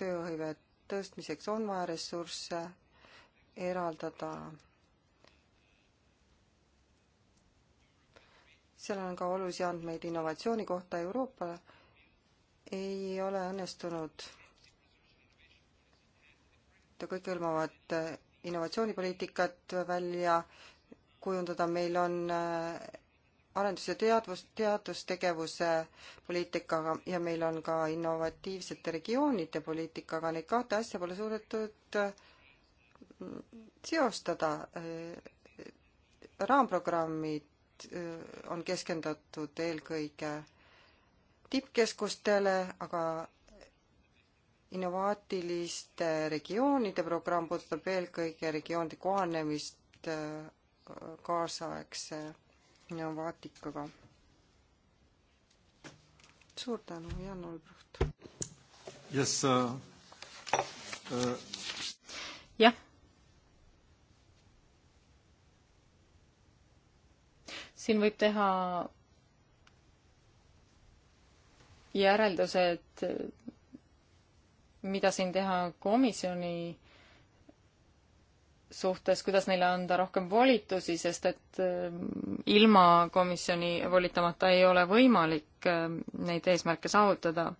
Speaker 3: tööhõive tõstmiseks on vaja ressursse eraldada. seal on ka olulisi andmeid innovatsiooni kohta Euroopale ei ole õnnestunud kõikehõlmavat äh, innovatsioonipoliitikat välja kujundada, meil on äh, arendus- ja teadvus, teadustegevuse poliitikaga ja meil on ka innovatiivsete regioonide poliitikaga, neid kahte asja pole suudetud äh, seostada. raamprogrammid on keskendatud eelkõige tippkeskustele, aga innovaatiliste regioonide programm puudutab eelkõige regioonide kohanemist äh, kaasaegse innovaatikaga. suur tänu, Jan Olbrucht yes, uh,. Uh... jah.
Speaker 1: siin võib teha järeldused, mida siin teha komisjoni suhtes, kuidas neile anda rohkem volitusi, sest et mm, ilma komisjoni volitamata ei ole võimalik mm, neid eesmärke saavutada.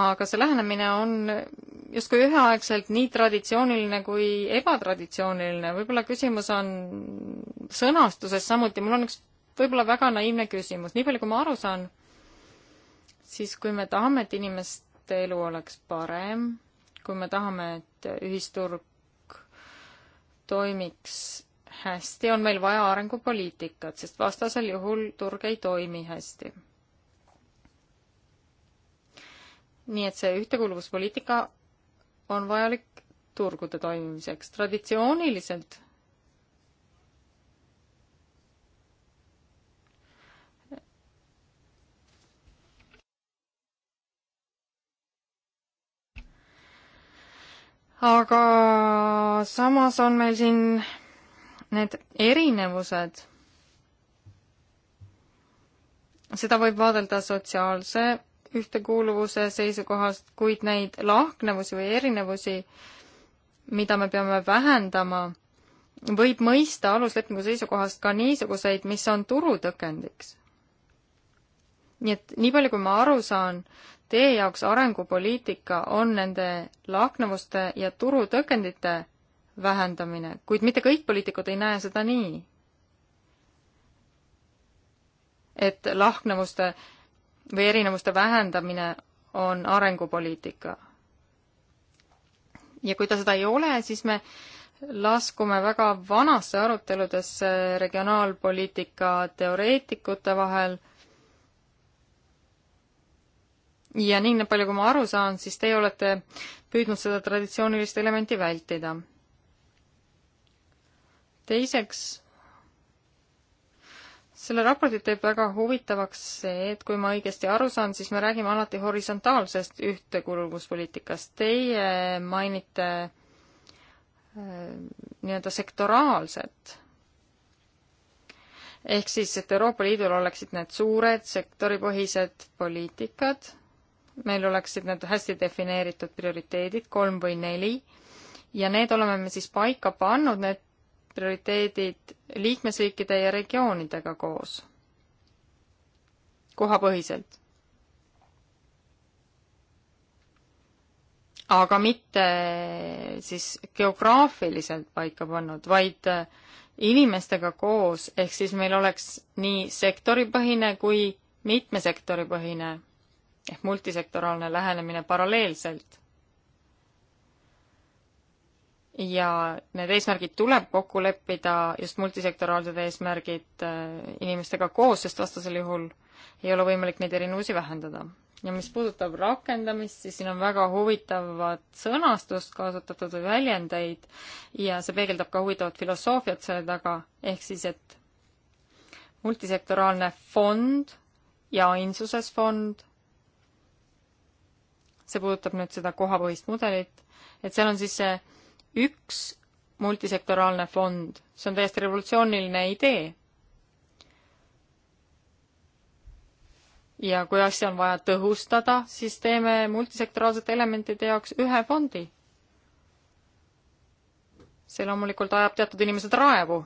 Speaker 1: aga see lähenemine on justkui üheaegselt nii traditsiooniline kui ebatraditsiooniline, võib-olla küsimus on sõnastuses samuti, mul on üks võib-olla väga naiivne küsimus, nii palju kui ma aru saan, siis kui me tahame, et inimeste elu oleks parem, kui me tahame, et ühisturg toimiks hästi, on meil vaja arengupoliitikat, sest vastasel juhul turg ei toimi hästi. nii et see ühtekuuluvuspoliitika on vajalik turgude toimimiseks. traditsiooniliselt aga samas on meil siin need erinevused. seda võib vaadelda sotsiaalse ühtekuuluvuse seisukohast, kuid neid lahknevusi või erinevusi, mida me peame vähendama, võib mõista aluslepingu seisukohast ka niisuguseid, mis on turutõkendiks. nii et nii palju, kui ma aru saan, teie jaoks arengupoliitika on nende lahknevuste ja turutõkendite vähendamine, kuid mitte kõik poliitikud ei näe seda nii. et lahknevuste või erinevuste vähendamine on arengupoliitika. ja kui ta seda ei ole, siis me laskume väga vanasse aruteludesse regionaalpoliitika teoreetikute vahel ja nii palju, kui ma aru saan, siis teie olete püüdnud seda traditsioonilist elementi vältida. teiseks, selle raporti teeb väga huvitavaks see, et kui ma õigesti aru saan, siis me räägime alati horisontaalsest ühtekuuluvuspoliitikast. Teie mainite äh, nii-öelda sektoraalset ehk siis, et Euroopa Liidul oleksid need suured sektoripõhised poliitikad meil oleksid need hästi defineeritud prioriteedid, kolm või neli, ja need oleme me siis paika pannud, need prioriteedid liikmesriikide ja regioonidega koos, kohapõhiselt. aga mitte siis geograafiliselt paika pannud, vaid äh, inimestega koos, ehk siis meil oleks nii sektoripõhine kui mitmesektoripõhine ehk multisektoraalne lähenemine paralleelselt. ja need eesmärgid tuleb kokku leppida, just multisektoraalsed eesmärgid äh, inimestega koos, sest vastasel juhul ei ole võimalik neid erinevusi vähendada. ja mis puudutab rakendamist, siis siin on väga huvitavat sõnastust kasutatud või väljendeid ja see peegeldab ka huvitavat filosoofiat selle taga, ehk siis, et multisektoraalne fond ja ainsuses fond see puudutab nüüd seda kohapõhist mudelit, et seal on siis see üks multisektoraalne fond, see on täiesti revolutsiooniline idee. ja kui asja on vaja tõhustada, siis teeme multisektoraalsete elementide jaoks ühe fondi. see loomulikult ajab teatud inimesed raevu.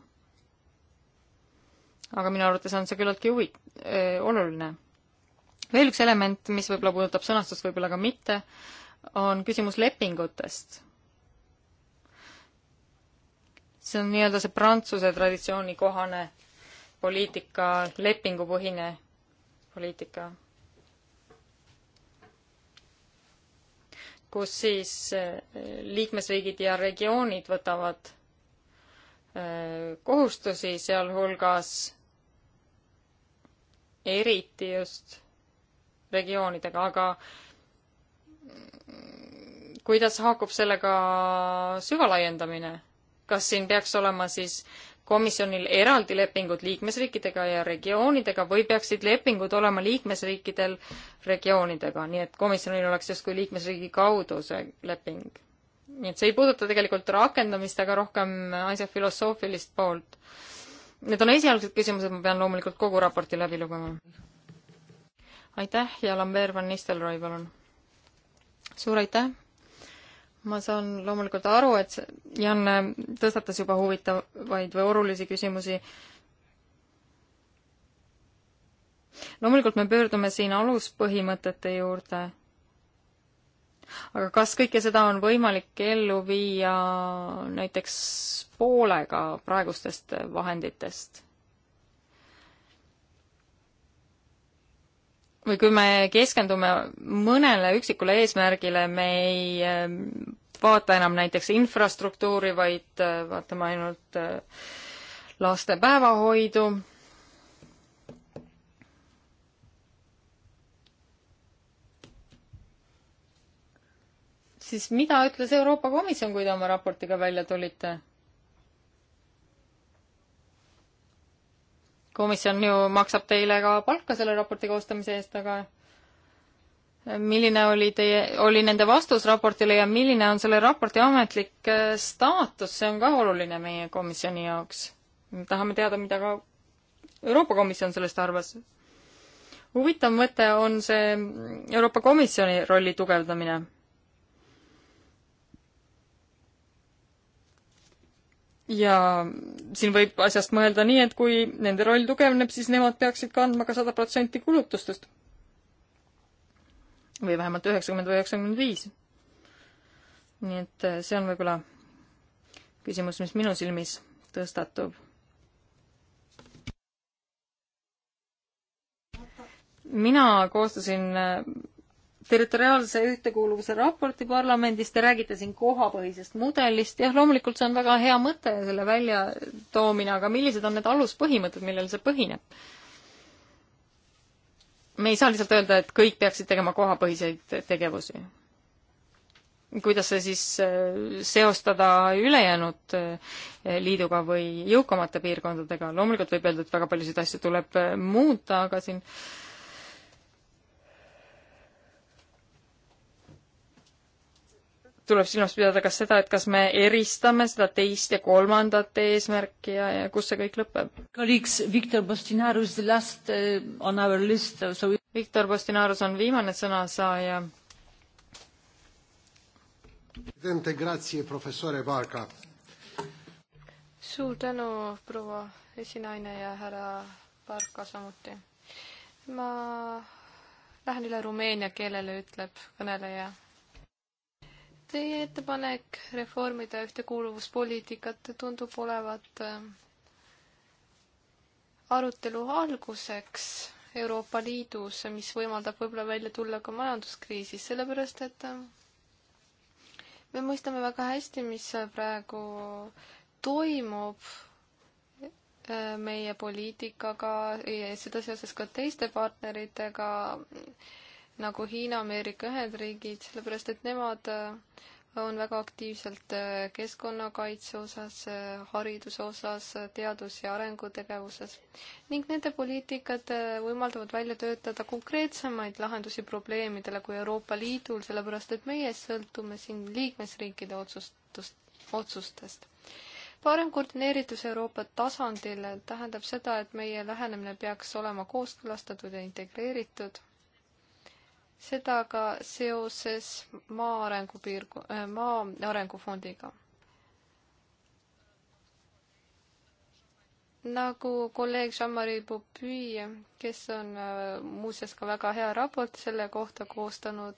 Speaker 1: aga minu arvates on see küllaltki huvi-, eh, oluline veel üks element, mis võib-olla puudutab sõnastust, võib-olla ka mitte, on küsimus lepingutest. see on nii-öelda see Prantsuse traditsiooni kohane poliitika, lepingupõhine poliitika, kus siis eh, liikmesriigid ja regioonid võtavad eh, kohustusi, sealhulgas eriti just regioonidega, aga kuidas haakub sellega süvalaiendamine? kas siin peaks olema siis komisjonil eraldi lepingud liikmesriikidega ja regioonidega või peaksid lepingud olema liikmesriikidel regioonidega, nii et komisjonil oleks justkui liikmesriigi kaudu see leping? nii et see ei puuduta tegelikult rakendamist, aga rohkem asja filosoofilist poolt. Need on esialgsed küsimused, ma pean loomulikult kogu raporti läbi lugema aitäh ja Lambert van Nistelrooy, palun. suur aitäh. ma saan loomulikult aru, et Janne äh, tõstatas juba huvitavaid või olulisi küsimusi. loomulikult me pöördume siin aluspõhimõtete juurde aga kas kõike seda on võimalik ellu viia näiteks poolega praegustest vahenditest? või kui me keskendume mõnele üksikule eesmärgile, me ei ähm, vaata enam näiteks infrastruktuuri, vaid äh, vaatame ainult äh, laste päevahoidu. siis mida ütles Euroopa Komisjon, kui te oma raportiga välja tulite? komisjon ju maksab teile ka palka selle raporti koostamise eest, aga milline oli teie, oli nende vastus raportile ja milline on selle raporti ametlik äh, staatus, see on ka oluline meie komisjoni jaoks. tahame teada, mida ka Euroopa Komisjon sellest arvas. huvitav mõte on see Euroopa Komisjoni rolli tugevdamine ja siin võib asjast mõelda nii, et kui nende roll tugevneb, siis nemad peaksid kandma ka sada protsenti kulutustest. või vähemalt üheksakümmend või üheksakümmend viis. nii et eh, see on võib-olla küsimus, mis minu silmis tõstatub. mina koostasin eh, territoriaalse ühtekuuluvuse raporti parlamendis, te räägite siin kohapõhisest mudelist, jah, loomulikult see on väga hea mõte, selle väljatoomine, aga millised on need aluspõhimõtted, millel see põhineb? me ei saa lihtsalt öelda, et kõik peaksid tegema kohapõhiseid tegevusi. kuidas see siis äh, seostada ülejäänud äh, liiduga või jõukamate piirkondadega, loomulikult võib öelda, et väga paljusid asju tuleb äh, muuta, aga siin äh, tuleb silmas pidada ka seda, et kas me eristame seda teist ja kolmandat eesmärki ja, ja kus see kõik lõpeb. Viktor Postinarus uh, uh, so... on viimane sõnasaaja.
Speaker 2: suur tänu, proua esinaine ja härra Barka samuti. ma lähen üle rumeenia keelele, ütleb kõneleja Teie ettepanek reformida ühtekuuluvuspoliitikat tundub olevat äh, arutelu alguseks Euroopa Liidus, mis võimaldab võib-olla välja tulla ka majanduskriisis, sellepärast et äh, me mõistame väga hästi, mis praegu toimub äh, meie poliitikaga ja seda seoses ka teiste partneritega nagu Hiina, Ameerika Ühendriigid, sellepärast et nemad äh, on väga aktiivselt äh, keskkonnakaitse osas, äh, hariduse osas, teadus- ja arengutegevuses ning nende poliitikad võimaldavad välja töötada konkreetsemaid lahendusi probleemidele kui Euroopa Liidul, sellepärast et meie sõltume siin liikmesriikide otsustust, otsustest. parem koordineeritus Euroopa tasandil tähendab seda, et meie lähenemine peaks olema kooskõlastatud ja integreeritud seda ka seoses maa arengu piirg-, äh, maa arengufondiga. nagu kolleeg Jean-Marie Popüü, kes on äh, muuseas ka väga hea raport selle kohta koostanud,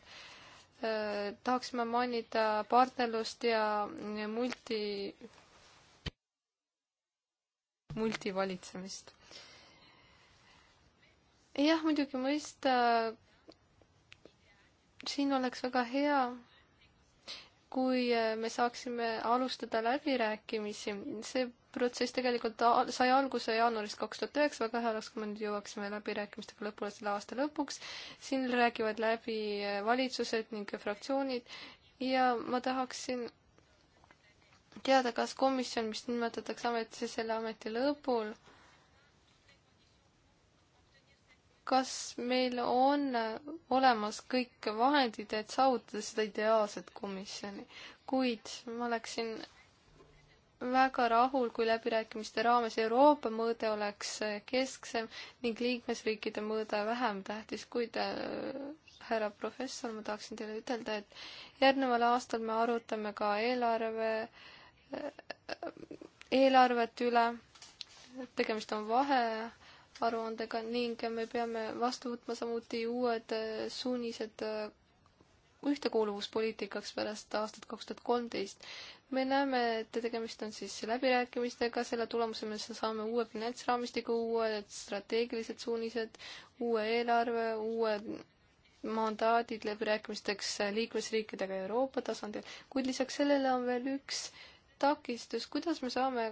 Speaker 2: äh, tahaksime mainida partnerlust ja multi, multivalitsemist jah, muidugi mõista siin oleks väga hea, kui äh, me saaksime alustada läbirääkimisi. see protsess tegelikult sai alguse jaanuaris kaks tuhat üheksa, väga hea oleks, kui me nüüd jõuaksime läbirääkimistega lõpule selle aasta lõpuks. siin räägivad läbi äh, valitsused ning fraktsioonid ja ma tahaksin teada, kas komisjon, mis nimetatakse ametisse selle ameti lõpul, kas meil on olemas kõik vahendid, et saavutada seda ideaalset komisjoni, kuid ma oleksin väga rahul, kui läbirääkimiste raames Euroopa mõõde oleks kesksem ning liikmesriikide mõõde vähem tähtis, kuid äh, härra professor, ma tahaksin teile ütelda, et järgneval aastal me arutame ka eelarve, äh, eelarvet üle, tegemist on vahe aruandega ning me peame vastu võtma samuti uued eh, suunised eh, ühtekuuluvuspoliitikaks pärast aastat kaks tuhat kolmteist. me näeme, et tegemist on siis läbirääkimistega, selle tulemusel me saame uue finantsraamistiku, uued strateegilised suunised, uue eelarve, uued mandaadid läbirääkimisteks liikmesriikidega Euroopa tasandil, kuid lisaks sellele on veel üks takistus, kuidas me saame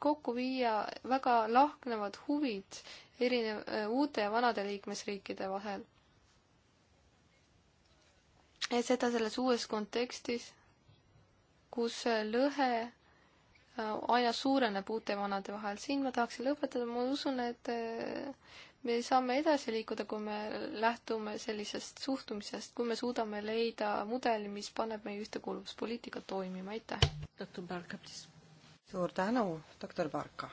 Speaker 2: kokku viia väga lahknevad huvid erinev, äh, uute ja vanade liikmesriikide vahel. seda selles uues kontekstis, kus äh, lõhe äh, aina suureneb uute ja vanade vahel. siin ma tahaksin lõpetada, ma usun, et me saame edasi liikuda, kui me lähtume sellisest suhtumisest, kui me suudame leida mudeli, mis paneb meie ühtekuuluvuspoliitika toimima, aitäh! doktor Barka,
Speaker 3: siis. suur tänu, doktor Barka!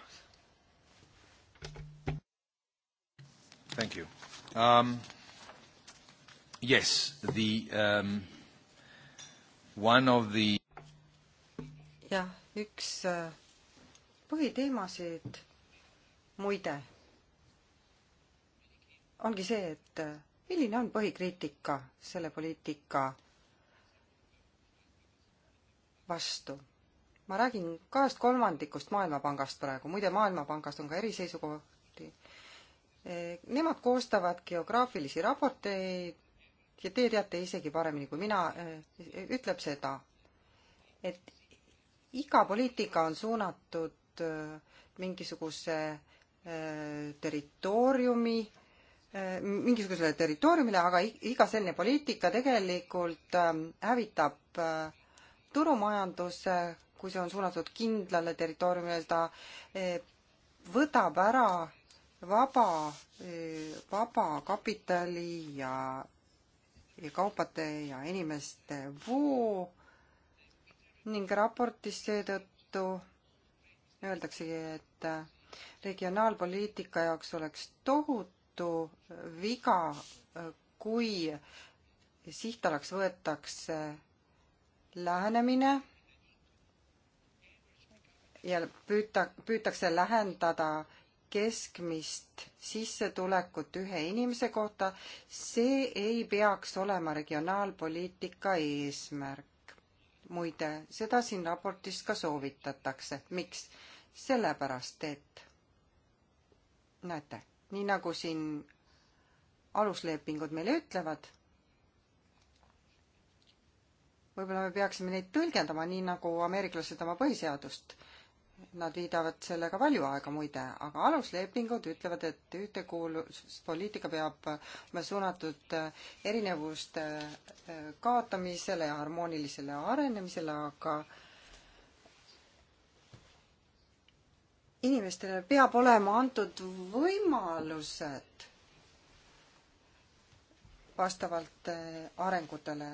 Speaker 1: Thank you. Um, yes, the um, one of the
Speaker 3: jah, üks äh, põhiteemasid muide ongi see, et äh, milline on põhikriitika selle poliitika vastu? ma räägin kahest kolmandikust Maailmapangast praegu, muide Maailmapangast on ka eriseisukoht Nemad koostavad geograafilisi raporteid ja te teate isegi paremini kui mina, eh, ütleb seda, et iga poliitika on suunatud eh, mingisuguse eh, territooriumi, mingisugusele territooriumile, aga iga selline poliitika tegelikult hävitab turumajanduse, kui see on suunatud kindlale territooriumile, ta võtab ära vaba, vaba kapitali ja, ja kaupade ja inimeste voo ning raportis seetõttu öeldaksegi, et regionaalpoliitika jaoks oleks tohutu viga, kui sihtalaks võetakse lähenemine ja püüta, püütakse lähendada keskmist sissetulekut ühe inimese kohta, see ei peaks olema regionaalpoliitika eesmärk. muide, seda siin raportis ka soovitatakse. miks? sellepärast, et näete, nii nagu siin aluslepingud meile ütlevad, võib-olla me peaksime neid tõlgendama nii, nagu ameeriklased oma põhiseadust Nad viidavad sellega palju aega muide, aga aluslepingud ütlevad, et ühtekuuluvuspoliitika peab olema suunatud erinevuste äh, kaotamisele ja harmoonilisele arenemisele, aga inimestele peab olema antud võimalused vastavalt äh, arengutele.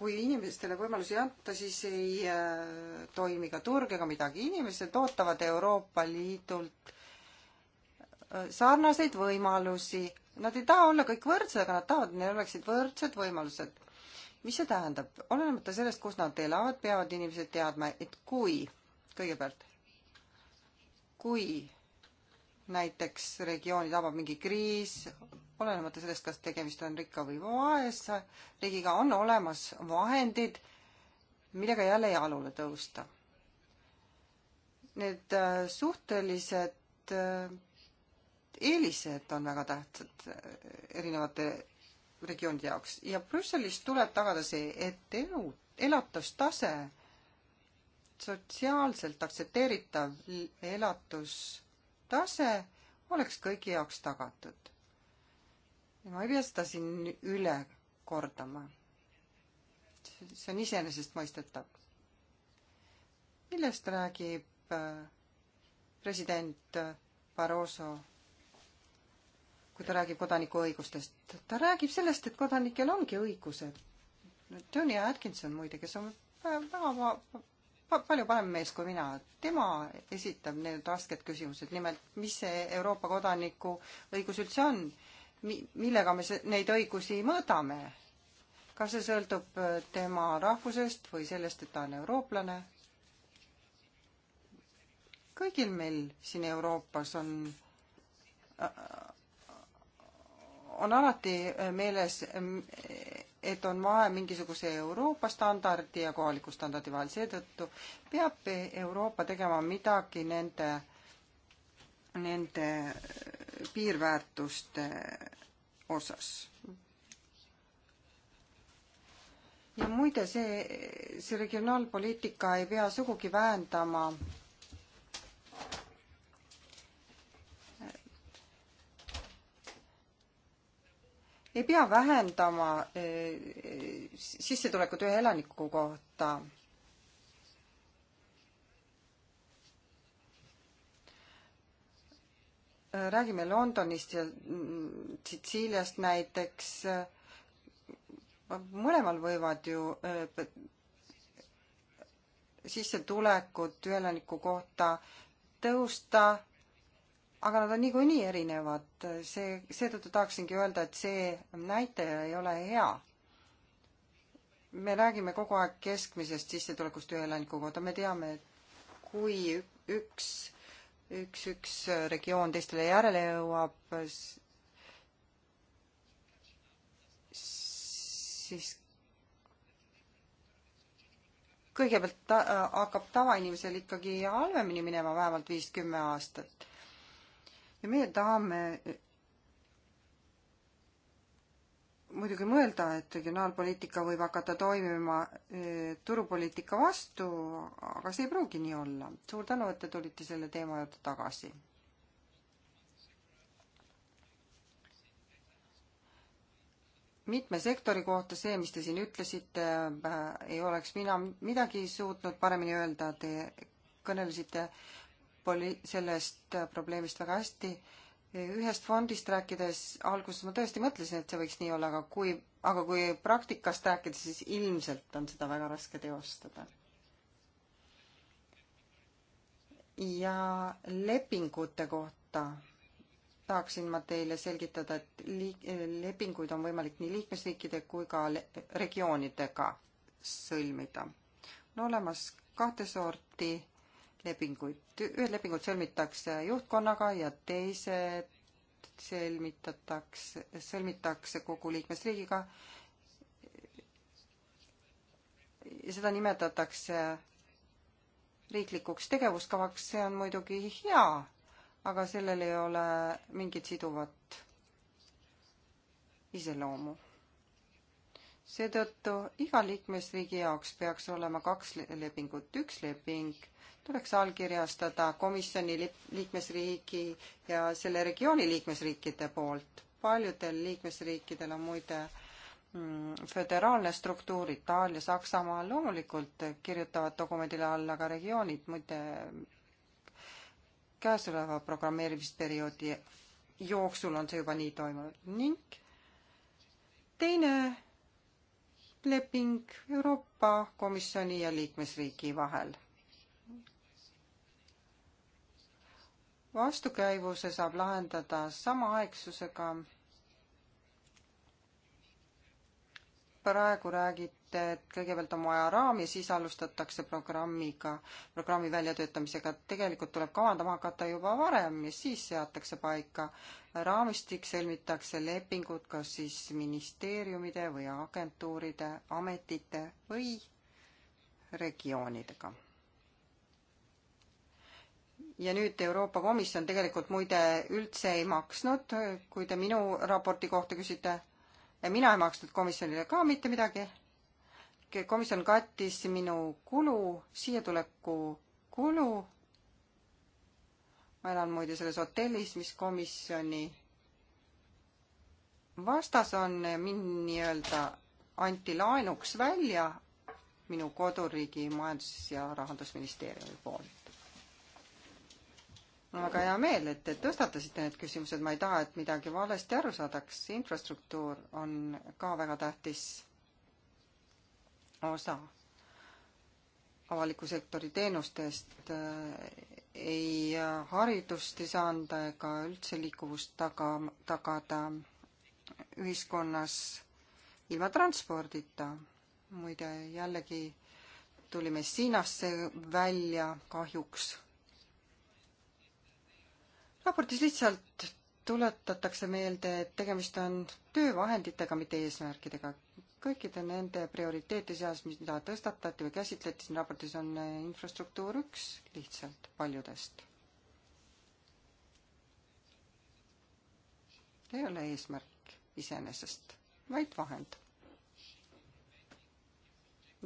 Speaker 3: kui inimestele võimalusi ei anta, siis ei äh, toimi ka turg ega midagi. inimesed ootavad Euroopa Liidult äh, sarnaseid võimalusi. Nad ei taha olla kõik võrdsed, aga nad tahavad, et neil oleksid võrdsed võimalused. mis see tähendab? olenemata sellest, kus nad elavad, peavad inimesed teadma, et kui, kõigepealt, kui näiteks regiooni tabab mingi kriis, olenemata sellest, kas tegemist on rikka või vaese riigiga, on olemas vahendid, millega jälle jalule tõusta. Need äh, suhtelised äh, eelised on väga tähtsad äh, erinevate regioonide jaoks ja Brüsselis tuleb tagada see, et elu, elatustase, sotsiaalselt aktsepteeritav elatustase oleks kõigi jaoks tagatud ja ma ei pea seda siin üle kordama. see on iseenesestmõistetav. millest räägib äh, president äh, Barroso, kui ta räägib kodanikuõigustest? ta räägib sellest, et kodanikel ongi õigused. Tony Atkinson muide, kes on väga palju parem mees kui mina, tema esitab need rasked küsimused, nimelt mis see Euroopa kodaniku õigus üldse on millega me neid õigusi mõõdame? kas see sõltub äh, tema rahvusest või sellest, et ta on eurooplane? kõigil meil siin Euroopas on, äh, äh, on alati meeles, et on vahe mingisuguse Euroopa standardi ja kohaliku standardi vahel, seetõttu peab Euroopa tegema midagi nende, nende piirväärtuste osas. ja muide, see, see regionaalpoliitika ei pea sugugi vähendama ei pea vähendama eh, sissetulekut ühe elaniku kohta räägime Londonist ja Sitsiiliast näiteks, mõlemal võivad ju eh, sissetulekud ühelaniku kohta tõusta, aga nad on niikuinii erinevad, see, seetõttu tahaksingi öelda, et see näitaja ei ole hea. me räägime kogu aeg keskmisest sissetulekust ühe elaniku kohta, me teame, et kui üks üks, üks regioon teistele järele jõuab, siis kõigepealt ta, hakkab tavainimesel ikkagi halvemini minema vähemalt viis-kümme aastat. ja meie tahame muidugi mõelda, et regionaalpoliitika võib hakata toimima eh, turupoliitika vastu, aga see ei pruugi nii olla. suur tänu, et te tulite selle teema juurde tagasi. mitme sektori kohta see, mis te siin ütlesite, äh, ei oleks mina midagi suutnud paremini öelda, te kõnelesite poli-, sellest probleemist väga hästi ühest fondist rääkides alguses ma tõesti mõtlesin, et see võiks nii olla, aga kui, aga kui praktikast rääkida, siis ilmselt on seda väga raske teostada. ja lepingute kohta tahaksin ma teile selgitada, et liik-, lepinguid on võimalik nii liikmesriikide kui ka regioonidega sõlmida. on olemas kahte sorti lepinguid, ühed lepingud sõlmitakse juhtkonnaga ja teised sõlmitatakse, sõlmitakse kogu liikmesriigiga. seda nimetatakse riiklikuks tegevuskavaks, see on muidugi hea, aga sellel ei ole mingit siduvat iseloomu. seetõttu iga liikmesriigi jaoks peaks olema kaks lepingut, üks leping tuleks allkirjastada komisjoni liikmesriigi ja selle regiooni liikmesriikide poolt. paljudel liikmesriikidel on muide mm, föderaalne struktuur, Itaalia, Saksamaa loomulikult kirjutavad dokumendile alla ka regioonid, muide käesoleva programmeerimisperioodi jooksul on see juba nii toimunud ning teine leping Euroopa Komisjoni ja liikmesriigi vahel. vastukäivuse saab lahendada samaaegsusega. praegu räägite, et kõigepealt on vaja raami, siis alustatakse programmiga, programmi väljatöötamisega. tegelikult tuleb kavandama hakata juba varem ja siis seatakse paika raamistik, sõlmitakse lepingud kas siis ministeeriumide või agentuuride, ametite või regioonidega ja nüüd Euroopa Komisjon tegelikult muide üldse ei maksnud, kui te minu raporti kohta küsite. mina ei maksnud komisjonile ka mitte midagi. komisjon kattis minu kulu, siia tuleku kulu. ma elan muide selles hotellis, mis komisjoni vastas on, mind nii-öelda anti laenuks välja minu koduriigi majandus- ja rahandusministeeriumi poolt mul on väga hea meel, et te tõstatasite need küsimused, ma ei taha, et midagi valesti aru saadaks, infrastruktuur on ka väga tähtis osa avaliku sektori teenustest, äh, ei äh, haridust ei saa anda ega üldse liikuvust taga, tagada ühiskonnas ilma transpordita. muide, jällegi tuli Messinasse välja kahjuks raportis lihtsalt tuletatakse meelde, et tegemist on töövahenditega, mitte eesmärkidega. kõikide nende prioriteete seas, mida tõstatati või käsitleti siin raportis, on äh, infrastruktuur üks lihtsalt paljudest. ei ole eesmärk iseenesest, vaid vahend.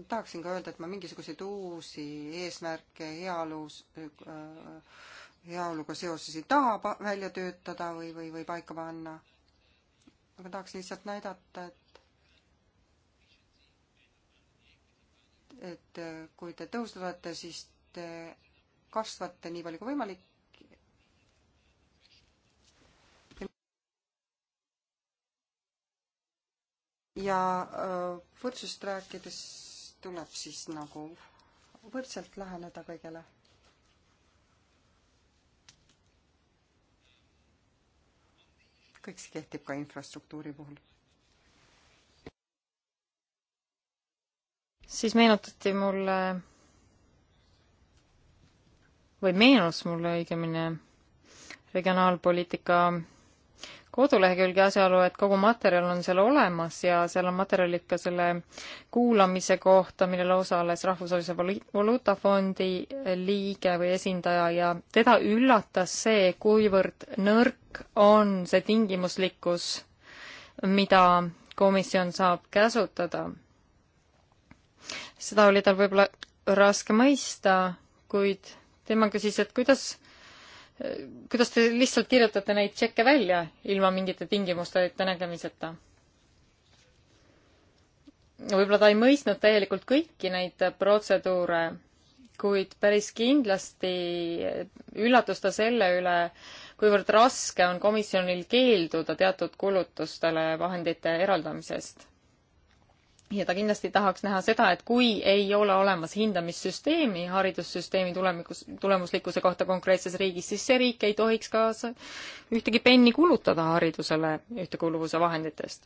Speaker 3: tahaksin ka öelda, et ma mingisuguseid uusi eesmärke heaolus äh, heaoluga seoses ei taha välja töötada või, või, või paika panna. aga tahaks lihtsalt näidata, et et kui te tõusvate, siis te kasvate nii palju kui võimalik. ja äh, võrdsusest rääkides tuleb siis nagu võrdselt läheneda kõigele kõik see kehtib ka infrastruktuuri puhul.
Speaker 1: siis meenutati mulle või meenus mulle õigemini regionaalpoliitika kodulehekülge asjaolu, et kogu materjal on seal olemas ja seal on materjalid ka selle kuulamise kohta, millel osales Rahvusvahelise Valuutafondi liige või esindaja ja teda üllatas see, kuivõrd nõrk on see tingimuslikkus, mida komisjon saab käsutada. seda oli tal võib-olla raske mõista, kuid tema küsis, et kuidas kuidas te lihtsalt kirjutate neid tšekke välja ilma mingite tingimuste ettenägemiseta? võib-olla ta ei mõistnud täielikult kõiki neid protseduure, kuid päris kindlasti üllatus ta selle üle, kuivõrd raske on komisjonil keelduda teatud kulutustele vahendite eraldamisest ja ta kindlasti tahaks näha seda, et kui ei ole olemas hindamissüsteemi haridussüsteemi tulemikus, tulemuslikkuse kohta konkreetses riigis, siis see riik ei tohiks ka ühtegi penni kulutada haridusele ühtekuuluvuse vahenditest.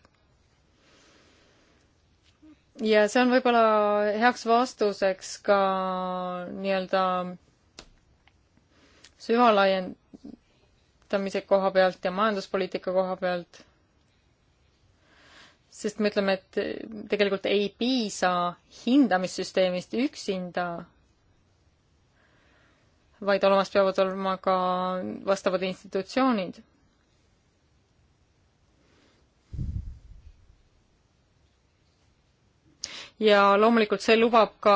Speaker 1: ja see on võib-olla heaks vastuseks ka nii-öelda süvalaiendamise koha pealt ja majanduspoliitika koha pealt sest me ütleme, et eh, tegelikult ei piisa hindamissüsteemist üksinda, vaid olemas peavad olema ka vastavad institutsioonid. ja loomulikult see lubab ka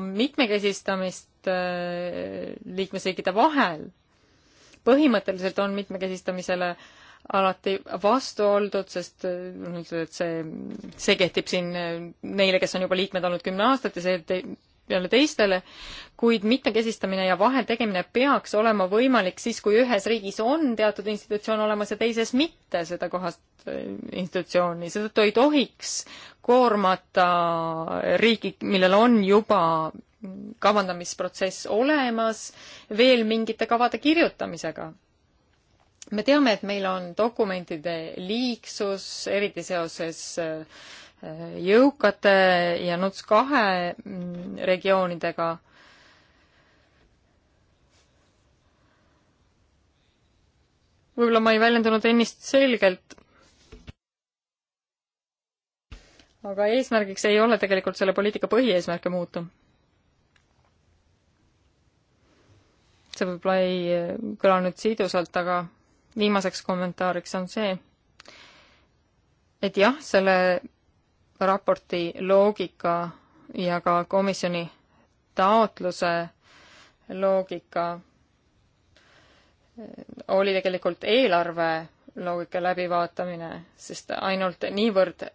Speaker 1: mitmekesistamist eh, liikmesriikide vahel. põhimõtteliselt on mitmekesistamisele äh, alati vastu oldud, sest äh, noh, et see, see kehtib siin äh, neile, kes on juba liikmed olnud kümme aastat ja see te, peale teistele, kuid mitmekesistamine ja vahe tegemine peaks olema võimalik siis, kui ühes riigis on teatud institutsioon olemas ja teises mitte seda kohast äh, institutsiooni, seetõttu ei tohiks koormata riigi, millel on juba kavandamisprotsess olemas, veel mingite kavade kirjutamisega me teame, et meil on dokumentide liigsus, eriti seoses äh, jõukate ja NUTS kahe mm, regioonidega. võib-olla ma ei väljendunud ennist selgelt, aga eesmärgiks ei ole tegelikult selle poliitika põhieesmärke muuta. see võib-olla ei äh, kõla nüüd sidusalt, aga viimaseks kommentaariks on see, et jah, selle raporti loogika ja ka komisjoni taotluse loogika eh, oli tegelikult eelarve loogika läbivaatamine, sest ainult niivõrd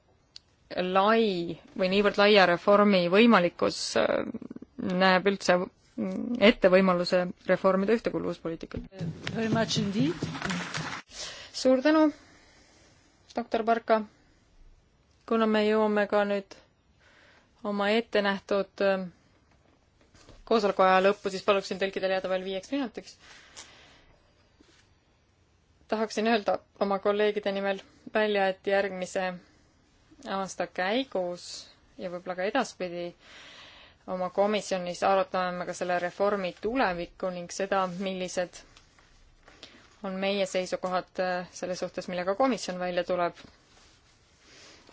Speaker 1: lai või niivõrd laia reformi võimalikkus eh, näeb üldse ette võimaluse reformida ühtekuuluvuspoliitikat. suur tänu, doktor Barka. kuna me jõuame ka nüüd oma ettenähtud äh, koosoleku aja lõppu, siis paluksin tõlkidel jääda veel viieks minutiks. tahaksin öelda oma kolleegide nimel välja, et järgmise aasta käigus ja võib-olla ka edaspidi oma komisjonis arutame me ka selle reformi tulevikku ning seda, millised on meie seisukohad äh, selle suhtes, millega komisjon välja tuleb.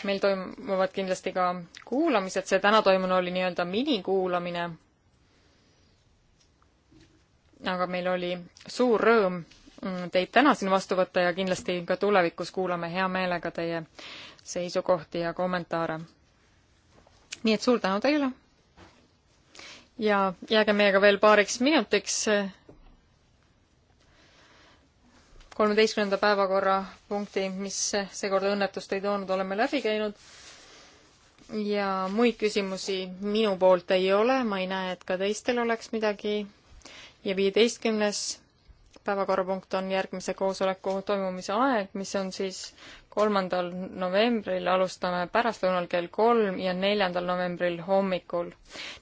Speaker 1: meil toimuvad kindlasti ka kuulamised, see täna toimunu oli nii-öelda minikuulamine. aga meil oli suur rõõm mm, teid täna siin vastu võtta ja kindlasti ka tulevikus kuulame hea meelega teie seisukohti ja kommentaare. nii et suur tänu teile ja jääge meiega veel paariks minutiks. kolmeteistkümnenda päevakorrapunkti, mis seekord õnnetust ei toonud, oleme läbi käinud. ja muid küsimusi minu poolt ei ole, ma ei näe, et ka teistel oleks midagi. ja viieteistkümnes päevakorrapunkt on järgmise koosoleku toimumise aeg, mis on siis kolmandal novembril alustame pärastlõunal kell kolm ja neljandal novembril hommikul.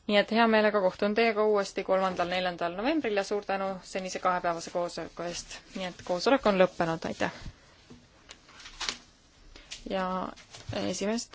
Speaker 1: nii et hea meelega kohtun teiega uuesti kolmandal-neljandal novembril ja suur tänu senise kahepäevase koosoleku eest. nii et koosolek on lõppenud, aitäh! ja esimest